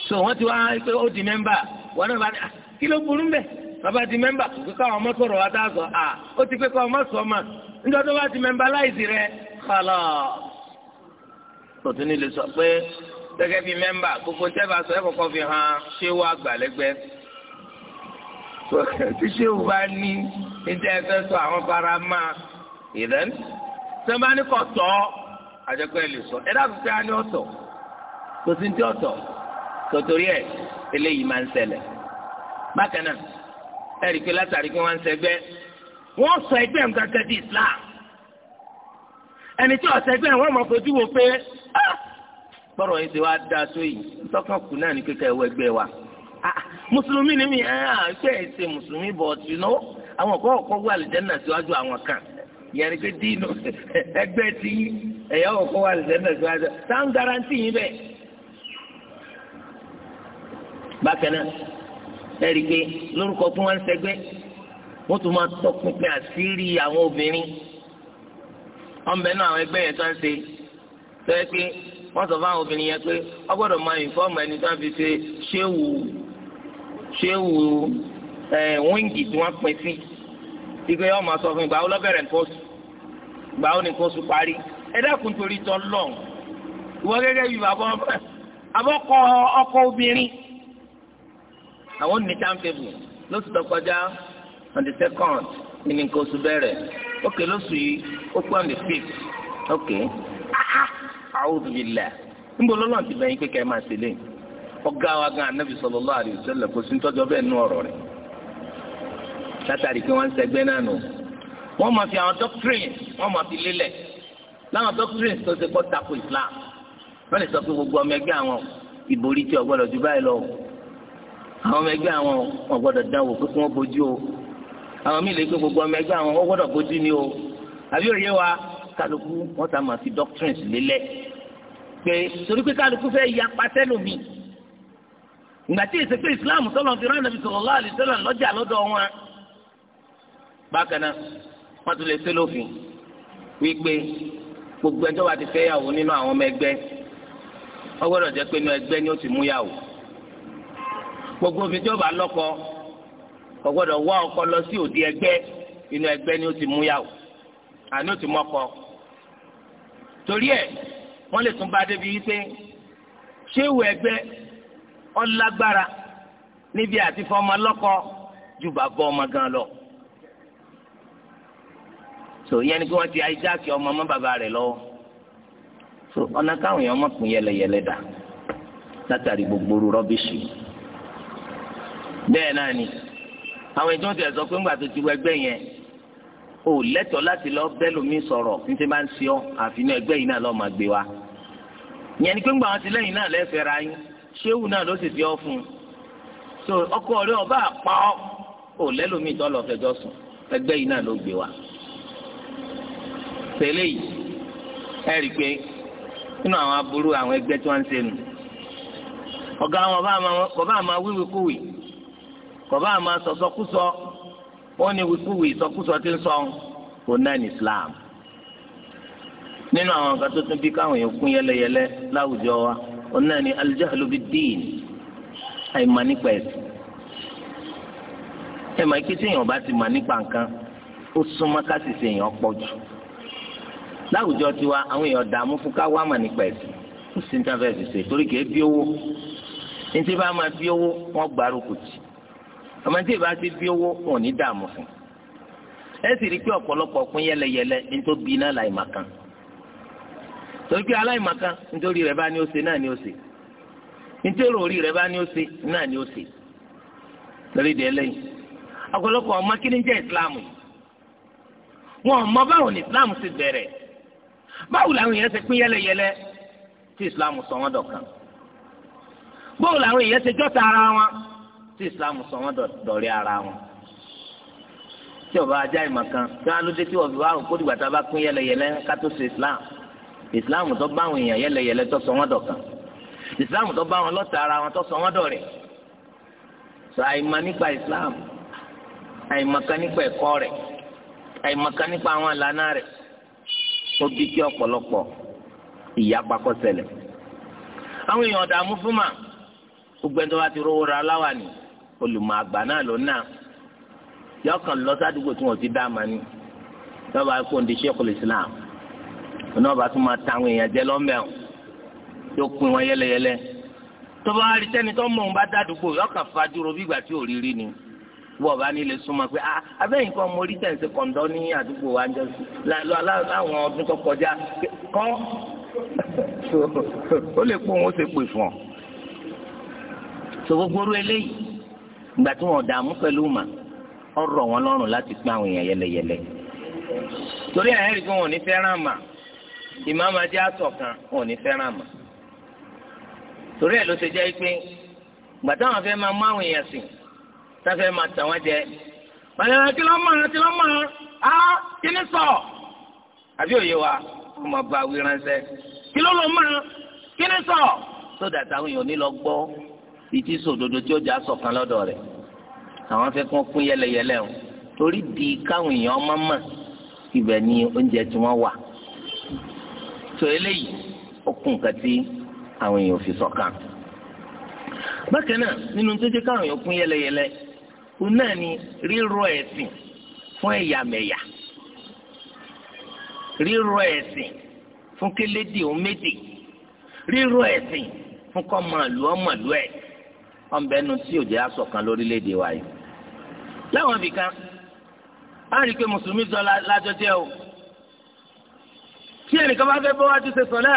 so wọ́n ti wá pé ó di mẹ́mbà wọ́n náà bá ní ah, kí ló burú mbẹ́ bàbá di mẹ́mbà kò káwọn ọmọ sọ̀rọ̀ wa tá a sọ à ó ti pé kọ́ ọmọ sọ ma níjọ́ tó bá di mẹ́mbà láìsí rẹ kọ́lọ́ tòtún ilé sọ pé gẹ́gẹ́ bí mẹ́mbà gbogbo tẹ́fà sọ ẹ kọ́kọ́ fi hàn ṣéwó àgbàlẹ́gbẹ́ tí ṣéwó bá ní níjẹ́ ẹ fẹ́ sọ àwọn fara máa ìrẹ́n sẹ́mbà ní kò tọ́ àjẹpẹ́ lè sọ ẹ dábòó pé a ní ọ̀tọ̀ tòtún tí ọ̀tọ̀ tòtòrí ẹ̀ eléyìí máa ń ṣẹlẹ̀ bákan náà ẹ̀rí pé látàrí pé wọ́n ń ṣẹgbẹ́ wọ́n sọ ẹgbẹ́ nǹkan kan di Islam ẹni tí ọ̀sẹ̀ ẹgbẹ́ wọn mọ̀ fojú wo pé gbọ́dọ̀ ah! yìí ti wá da tó yìí tọ́kàn kù náà ní kíkà ẹ̀wọ́ ẹgbẹ́ wa ah, mùsùlùmí ni mí ẹ̀ ẹ̀ ṣe é ṣe mùsùlùmí bọ̀ ọ̀tún náà àwọn ọ̀kọ́ ọ̀kọ́ wà lìjẹ́nà síwájú àwọn kan yẹn pé díìnù ẹgbẹ́ ti yí ẹ̀yà ọ̀kọ́ wà lìjẹ́nà síwájú táwọn garanti yín bẹ́ẹ̀ bákan náà ẹ̀rí pé lórúkọ tí wọ́n ń ṣẹgbẹ́ wọ́n tún máa tọpinpin àṣírí àwọn obìnrin ọ̀nbẹ náà àwọn ẹgbẹ́ yẹn tó ń ṣe tó yẹ pé wọ́n sọ fáwọn obìnrin yẹn pé wọ́n gbọ́dọ̀ máa ìfọ́ọ̀mù ẹni tó ń fi ṣe ṣéwù ṣéwù wíńgì tí wọ́n pín sí ìgbé yẹn wọ́n máa sọ fún ìgbà wọ́n lọ́bẹ̀rẹ̀ nǹkan oṣù ìgbà wọ́n ní nǹkan oṣù parí ẹ dákun torí tọ́ lọ́ọ̀ ìwọ gẹ́gẹ́ bí bàbá ọkọ obìnrin àwọn ní táǹtẹ̀bù lóṣù tó kọjá on the second ní ní nǹkan oṣù ok lóṣù yìí ó pé on the fifth ok a'udhu billah níbo lọ́nà ti bẹ̀yìn pé kẹ́ ẹ máa ṣe lé ọgá wa gan anabi sallallahu alaihi wasallam kò sí tọ́jọ́ bẹ́ẹ̀ nú ọ̀rọ̀ rẹ̀ látàrí pé wọ́n ń sẹgbẹ́ náà nù wọ́n máa fi àwọn doctrines wọ́n máa fi lélẹ̀ láwọn doctrines tó ṣe kọ́ tako Islam wọ́n lè sọ pé gbogbo ọmọ ẹgbẹ́ àwọn ìborí tí ọgbọ́dọ̀ ju báyìí lọ àwọn ọmọ ẹgbẹ́ àwọn wọn gbọ́dọ̀ dáwọ́ pé kí wọ́n bójú o àwọn míì lè gbé gbogbo ọmọ ẹgbẹ́ àwọn wọn gbọ́dọ̀ bójú ni o àbí òye wa kálukú wọn ta máa fi doctrines lélẹ̀ pé torí pé kálukú fẹ́ ya pátẹ́lómi ìgbà tí èsì pé Islam sọlọ fi rán nàbì sallallahu alaihi wasallam lọ́jà lọ́dọ̀ wọn bákan náà wọn tún lè ṣe lófin wípé gbogbo ẹjọ́ wa ti fẹ́ yàwó nínú àwọn ọmọ ẹgbẹ́ wọ́n gbọ́dọ̀ jẹ́ pé inú ẹgbẹ́ ni ó ti mú yàwó gbogbo omi tí ó bá lọ́kọ kò gbọ́dọ̀ wá ọkọ lọ sí òdi ẹgbẹ́ inú ẹgbẹ́ ni ó ti mú yàwó àní ó ti mọ́kọ torí ẹ̀ wọ́n lè tún bá débi wípé ṣéwù ẹgbẹ́ ọlágbára níbi àti fọmọ lọ́kọ ju bàbá ọmọ gan lọ so ìyẹn ni kí wọ́n ti ajáàkì ọmọ mọ́ bàbá rẹ̀ lọ́wọ́ so ọ̀nà káwọn èèyàn mọ̀ kún yẹlẹyẹlẹ dà látàrí gbogbo rọ́bìṣì bẹ́ẹ̀ náà ni àwọn ìjọ tẹ̀ sọ pé ńgbà tó ti wọ ẹgbẹ́ yẹn ò lẹ́tọ̀ọ́ láti lọ bẹ́ẹ̀ lómi sọ̀rọ̀ ní ti máa ń ṣe àfi ní ẹgbẹ́ yìí náà lọ́ọ́ máa gbé wa yẹn ni pé ńgbà wọn ti lẹ́yìn náà lẹ́fẹ̀ẹ́ ra yín ṣéwù náà ló sì fi fún so ọkọ rẹ ọba àpá ọ ò lẹ́lómi tó lọ fẹjọ́ sùn ẹgbẹ́ yìí náà ló gbé wa kọba àmà sọsọkúsọ wọn ni wíkúwì sọkúsọ ti ń sọ kò náà ní islam nínú àwọn nǹkan tó tún bí káwọn èèyàn kún yẹlẹyẹlẹ láwùjọ wa wọn náà ní alijahlu bid-din àìmọ̀ nípa ẹ̀sìn ẹ mọ̀ ikú tí èèyàn bá ti mọ̀ nípa nǹkan ó súnmọ́ ká sì ṣe èèyàn pọ̀ jù láwùjọ tiwa àwọn èèyàn dààmú fún ká wá mọ̀ nípa ẹ̀sìn ó sì ń tàbí ẹ̀sìn ṣe torí kìí bí owó ní tí bá máa bí owó wọ́n gbárùkù tì àmọ́ ìbá ti bí owó wọn ní dààmú fún ẹ sì rí pé ọ̀pọ̀lọpọ̀ pín yẹlẹyẹlẹ nítorí iná láìmàkan torí pé aláìmàkan nítorí bá ní ó ṣe náà ní ó ṣe nítorí orí rẹ bá ní ó ṣe náà ní ó ṣe lórí ìdí ẹlẹ́yìn ọ̀pọ̀lọpọ̀ ọmọ kí ni jẹ́ ìsìláàmù wọn ò mọ báwo ìsìláàmù ti bẹ̀rẹ̀ báwo làwọn èèyàn ṣe pín yẹlẹyẹlẹ tí ìsìláàmù sọ wọn dọ̀kan báwo làwọn èèyàn ṣe jọ́ta tí islam sọ wọn dọ̀rí ara wọn tí ọba ajá ìmọ̀ kan tí wọn lóde tí wọn fi wá òkú dìgbà tá a bá pín yẹlẹyẹlẹ ká tó ṣe islam islam tó bá àwọn èèyàn yẹlẹyẹlẹ tó sọ wọn dọ̀kan islam tó bá wọn lọ́tà ara wọn tó sọ wọn dọ̀rẹ́ sọ àìmọ̀ nípa islam àìmọ̀ kan nípa ẹ̀kọ́ rẹ̀ àìmọ̀ kan nípa àwọn àlànà rẹ̀ ó bí kí ọ̀pọ̀lọpọ̀ ìyá pakọ́ àwọn èèyàn ọ̀dààmú fún mà gbogbo ẹni tó bá ti rówó ra aláwa nìyí olùmọ̀ àgbà náà ló náà yọ kàn lọ sádùúgbò tí wọ́n ti dá àmà ni lọ́ba kó ń di Sheikhul Islam onáwó tún máa ta àwọn èèyàn jẹ lọ́mẹ̀ọ́ tó pin wọn yẹlẹyẹlẹ tọ́ba arítẹ́ni tó mọ̀ ń dádùúgbò yọ kàn fàdúró bí ìgbà tí ò rírí ni wọ́n bá nílé súnmọ́ pé a ah, abẹ́yìn kan mo rí tẹ̀sí kọ̀ǹdọ́ ní àdúgbò wa ń jẹ́ láwọn ọdún tó kọjá kọ́ ó lè pọ̀ òun ó ṣe pè fún ọ. sọ gbogbo eléyìí ìgbà tí wọn dààmú pẹ̀lú mà ọ rọ̀ wọn lọ́rùn láti pín àwọn èèyàn yẹlẹyẹlẹ torí àyẹ̀rì pé wọn ò ní fẹ́ràn mà ìmáàmà jẹ́ àtọ̀kan wọn ò ní fẹ́ràn mà torí ẹ̀ ló ṣe jẹ́ pé ìgbà táwọn fẹ́ máa mú àwọn èèyàn sìn táfẹ́ máa tàn wọ́n jẹ pàlẹ́ kí ló mọ̀ kí ló mọ̀ á kí ni sọ àbí òye wa ọmọ bá wí kí ló lọ mọ̀ kí ni sọ sódà táwọn èèyàn ò ní lọ gbọ́ ìtì sòdodo tí ó jà sọ̀kan lọ́dọ̀ rẹ̀ àwọn fẹ́ kàn kún yẹlẹyẹlẹ o torí di káwọn èèyàn ọmọ mọ̀ ibẹ̀ ni oúnjẹ tí wọ́n wà tó eléyìí ó kún nǹkan tí àwọn èèyàn ò fi sọ̀kan. bákan náà nínú tó jẹ́ káwọn èèyàn kún yẹlẹyẹlẹ òun náà ni rírọ̀ ẹ̀sìn fún ẹ̀yàmẹ̀yà rírọ̀ ẹ̀sìn fún kélédè òun méjì rírọ̀ ẹ̀sìn fún kọ́ màlúọ́ màlúọ́ ẹ̀sìn wọn bẹ nu tí òjò asọ̀kan lórílẹ̀‐èdè wa yìí. láwọn ibìkan á rí i pé mùsùlùmí jọ lájọ jẹ́ o tí ẹnìkan bá fẹ́ bọ́ wájú ṣe sọ̀lá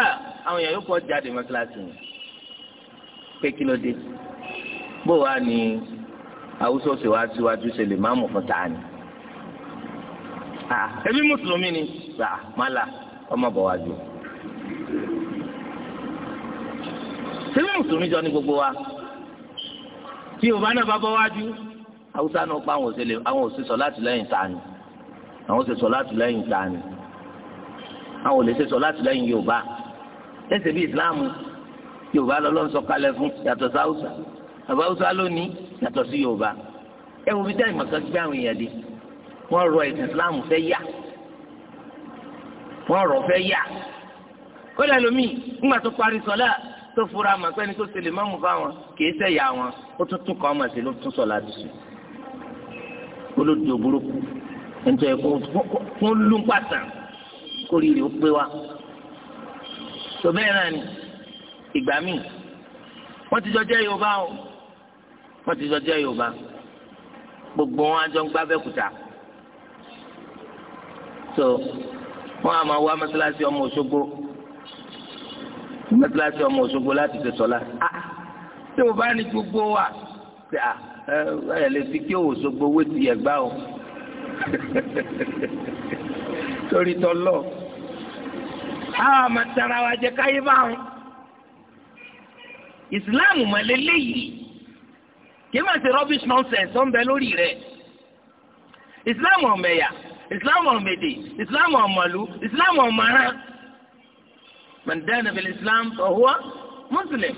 àwọn èèyàn yóò kọ́ jáde mọ́ kíláàsì yẹn pé kí ló dé bó wàá ní àwùjọ ṣe wá síwájú ṣe lè máàmù fún ta ni. ẹbí mùsùlùmí ni gbà má la ọmọ bọ̀ wájú. ṣé mùsùlùmí jọ ní gbogbo wa tí yorùbá náà bá bọ́ wájú haúsá náà pa àwọn òṣèlè àwọn òṣèlè sọ láti lẹ́yìn tani àwọn òṣèlè sọ láti lẹ́yìn tani àwọn òṣèlè sọ láti lẹ́yìn yorùbá ẹsẹ̀ bí islam yorùbá lọ́lọ́run sọ kalẹ̀ fún yàtọ̀ sí haúsá àbá haúsá lónìí yàtọ̀ sí yorùbá ẹ wo bí táyì màkà gbé àwọn èèyàn dé wọ́n rọ ẹ̀sìn islam fẹ́ yà wọ́n rọ fẹ́ yà kọ́lá lomi ńgbà tó parí sọ́lá tó fura mọ̀ pé ẹni tó ṣe lè má mú fáwọn kì í sẹ̀yà wọn ó tún tún kọ́ ọmọ sí ló tún sọ láti sùn olódò burúkú nítorí kó lù ń pàtàn kó rírì ó pé wa tó bẹ́ẹ̀ náà ni ìgbà míì wọ́n ti jọ jẹ́ Yorùbá o wọ́n ti jọ jẹ́ Yorùbá gbogbo wọn àjọ ń gbá bẹ́kúta so wọ́n á máa wá mọ́sálásí ọmọ Òṣogbo mẹtíláṣí ọmọ Òṣogbo láti ṣe sọlá tí o bá ní gbogbo wa ẹ lè fi kí Òṣogbo wé ti ẹgbà o torí tọlọ àwọn àmàtara wa jẹ káyé báwọn ìsìláàmù mọ̀lẹ́lẹ́ yìí kí máa ṣe rubbish nonsense ó ń bẹ lórí rẹ̀ ìsìláàmù ọ̀mẹ̀yà ìsìláàmù ọ̀mẹ̀dẹ̀ ìsìláàmù ọ̀mọ̀lú ìsìláàmù ọ̀mọ̀ràn. من dana bil islam fa huwa muslim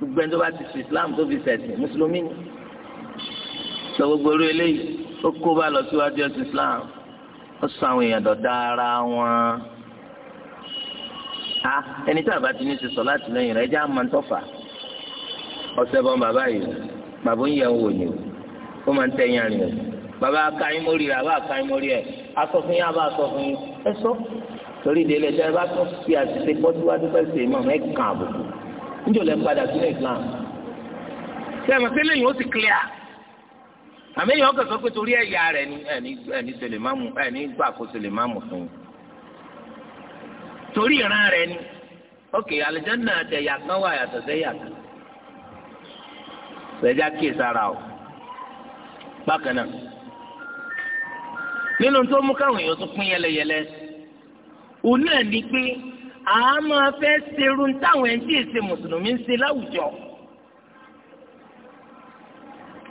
gbogbo ẹni tó bá ti fi islam tó fi sẹ̀sìn mùsùlùmí ni sọ gbogbo orí eléyìí ó kó bá lọ síwájú ẹsìn islam ó sọ àwọn èèyàn dọ̀dá ara wọn a ẹni tí àbá ti ní ti sọ láti lẹ́yìn rẹ̀ ẹjẹ́ àmọ́ ntọ́fà ọ̀sẹ̀ bọ́n bàbá yìí bàbá ń yẹ ń wò ni o ó máa ń tẹ̀yìn àrìn o bàbá akáyín mórí rẹ̀ àbá akáyín mórí ẹ̀ asọ yín àbá asọ yín ẹ sọ torí ìdílé ẹjọ́ ẹ bá tún fi àṣìṣe pọ́síwájú fẹ́ẹ́ ṣe mọ̀ mẹ́kàn àbùkù níjọ́ lẹ́ padà sínú Islam. ṣé ẹ̀mọ̀ sílẹ̀ yìí ó ti clear àmì èèyàn kẹsàn pé torí ẹ̀yà rẹ̀ ni ẹ̀ní ẹ̀ní ṣẹlẹ̀ máa mú ẹ̀ní gbà kó ṣẹlẹ̀ máa mú fún yín torí ìran rẹ̀ ni ókè àlùjánnà àtẹ̀yà kan wà yàtọ̀ sẹ́yà kan ṣẹ̀dá kíyè sára o bákan náà nínú tó mú káwọn èèyàn tún pín yẹlẹyẹlẹ òun náà ni pé àá máa fẹ́ ṣerú táwọn ẹni tí èsè mùsùlùmí ń ṣe láwùjọ.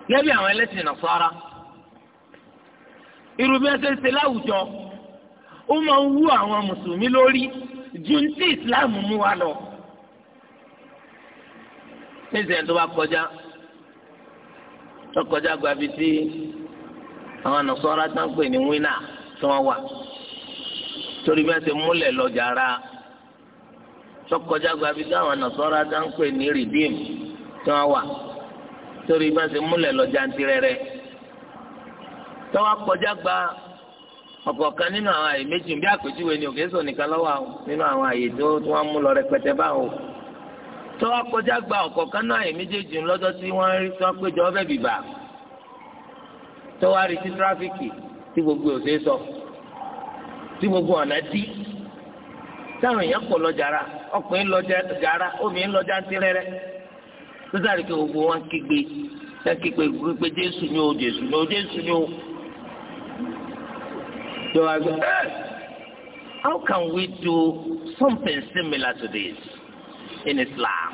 gẹ́gẹ́ àwọn ẹlẹ́sìn nàṣọ́ra irú bí wọ́n ṣe ń ṣe láwùjọ ó máa ń wú àwọn mùsùlùmí lórí ju ti islam mú wa lọ. níṣẹ́ tó bá kọjá tó kọjá gbabi tí àwọn nàṣọ́ra tán pè ní wínà tí wọ́n wà torí bẹ́ẹ̀ ṣe múlẹ̀ lọ́jà ra sọkọjá gbabi táwọn nasọ́ra dá ń pè ní rìdíìm tí wọ́n wà torí bẹ́ẹ̀ ṣe múlẹ̀ lọ́jà ń tirẹ̀rẹ̀ tọ́wọ́ kọjá gba ọ̀kọ̀ọ̀kan nínú àwọn àyè méjì bí àpèjúwe ni òkè sọ nìkan lọ́wọ́ àwọn nínú àwọn àyè tó wọ́n mú lọ rẹpẹtẹ báwọn tọ́wọ́ kọjá gba ọ̀kọ̀ọ̀kan náà àyè méjèèjì lọ́jọ́ tí wọ́n rí tí wọ́n péjọ ọbẹ̀ bìbà tọ́wọ́ àrí sí tí gbogbo òṣèṣọ́. So tí gbogbo ọ̀nà dí táwọn èèyàn kò lọ jàrá ọkùnrin lọ jàrá obìnrin lọ jáde rẹ́rẹ́ tó kí gbogbo wọn kígbe sẹ́kígbe gbígbé jésù ni o jésù ni o jésù ni o. how can we do something similar to this in Islam?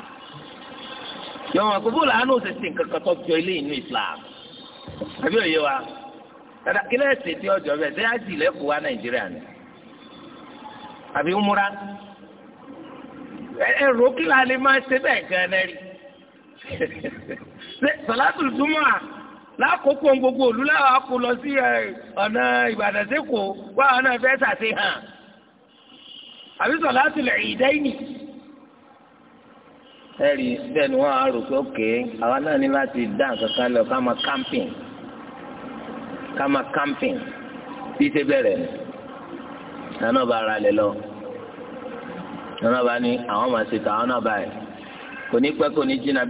àkókò làánú tó jọ ilé inú Islam. Àbí òye wa, tí ọjọ́ wa Nàìjíríà ni. àbí múra ẹ̀rọ kí la lè máa ṣe bẹ́ẹ̀ gan ẹ̀ rí sọ̀látù júmọ̀ lákòókò gbogbo òlu láwa kó lọ sí ọ̀nà Ìbàdàn sẹ́kọ̀ọ́ wá ọ̀nà ìfẹ́ sàṣehàn àbí sọ̀látù lè yí dẹ́yìn ẹ̀rí bẹ́ẹ̀ ni wọ́n á rò pé òkè àwa náà ní láti dá nǹkan kan lọ ká máa kámpìn ká máa kámpìn bí bẹ̀rẹ̀ ni. àwọn náà ara lọ àwọn ni àwọn máa ṣètò àwọn náà kò ní pẹ́ kò ní jìnnà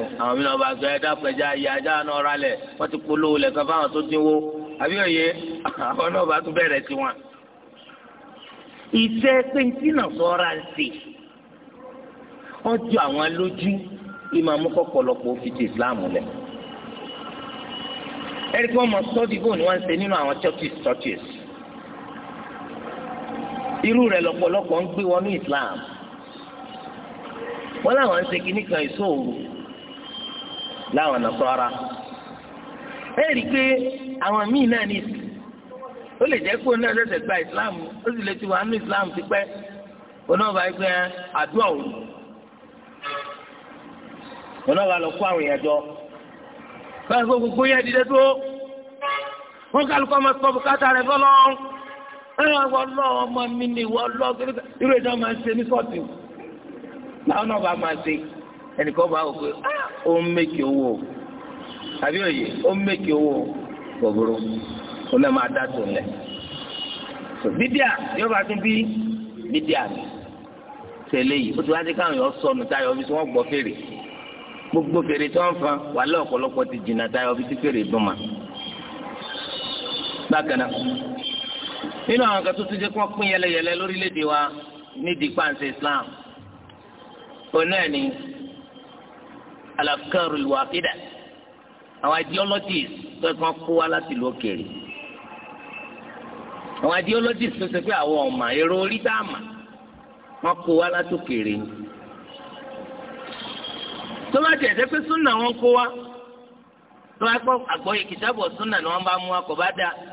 o àwọn mi náà bá sọ ẹ̀dá pẹ̀já ayé ajá náà ra lẹ̀ wọ́n ti polówó lẹ̀ fáwọn tó dínwó àbí òye àwọn náà bá tún bẹ̀rẹ̀ sí wọn. ìfẹ́ pẹ̀ntínà sọ́ra ń sè ọjọ́ àwọn lójú Islam lẹ̀ irú rẹ̀ lọ́pọ̀lọpọ̀ ń gbé wọnú Islam wọn làwọn ń ṣe kínní kan ìṣòro láwọn Nasara ẹ rí i pé àwọn míì náà ní ó lè jẹ́ kó náà ṣẹ̀ṣẹ̀ gba Islam ó sì lè ti wà nínú Islam ti pẹ́ onáwó ayé pé àdúrà òru onáwó alọ kó àwọn èèyàn jọ báyìí gbogbo yẹn dídé tó wọn kálukọ ọmọ sọ bùkátà rẹ̀ fọlọ́ọ́. wọ́n lọ ọmọ mi ni wọ́n lọ irú ìjọ máa ń ṣe ní sọ́ọ̀tì làwọn náà bá máa ṣe ẹnìkan bá wò pé ah, ó ń mèkì owó àbí òye ó ń mèkì owó gbogbo ó náà máa dá tó lẹ. bídíà yóò bá tún bí bídíà mi tẹ̀lé yìí ti wá sí káwọn táyọ̀ bí wọ́n gbọ́ fèrè gbogbo fèrè tí wọ́n fan ti jìnnà táyọ̀ bí fèrè dùn mà. bákan nínú àwọn kan tó ti jẹ́ kó pín yẹlẹyẹlẹ lórílẹ̀‐èdè wa nídìí pàǹsẹ̀ Islam oná ẹ̀ ní alafikaru wàkídà àwọn ideologies tó ẹ̀ kàn kó wa láti ìlú òkèèrè àwọn ideologies tó ṣe pé àwọn ọ̀mà èrò orí tá a mà wọ́n kó wa láti òkèèrè ni tó bá tiẹ̀ jẹ́ pé súnà wọn kó wa tó bá gbọ́ àgbọ̀yé kìtàbọ̀ súnà ni wọ́n bá mú wa kò bá dáa.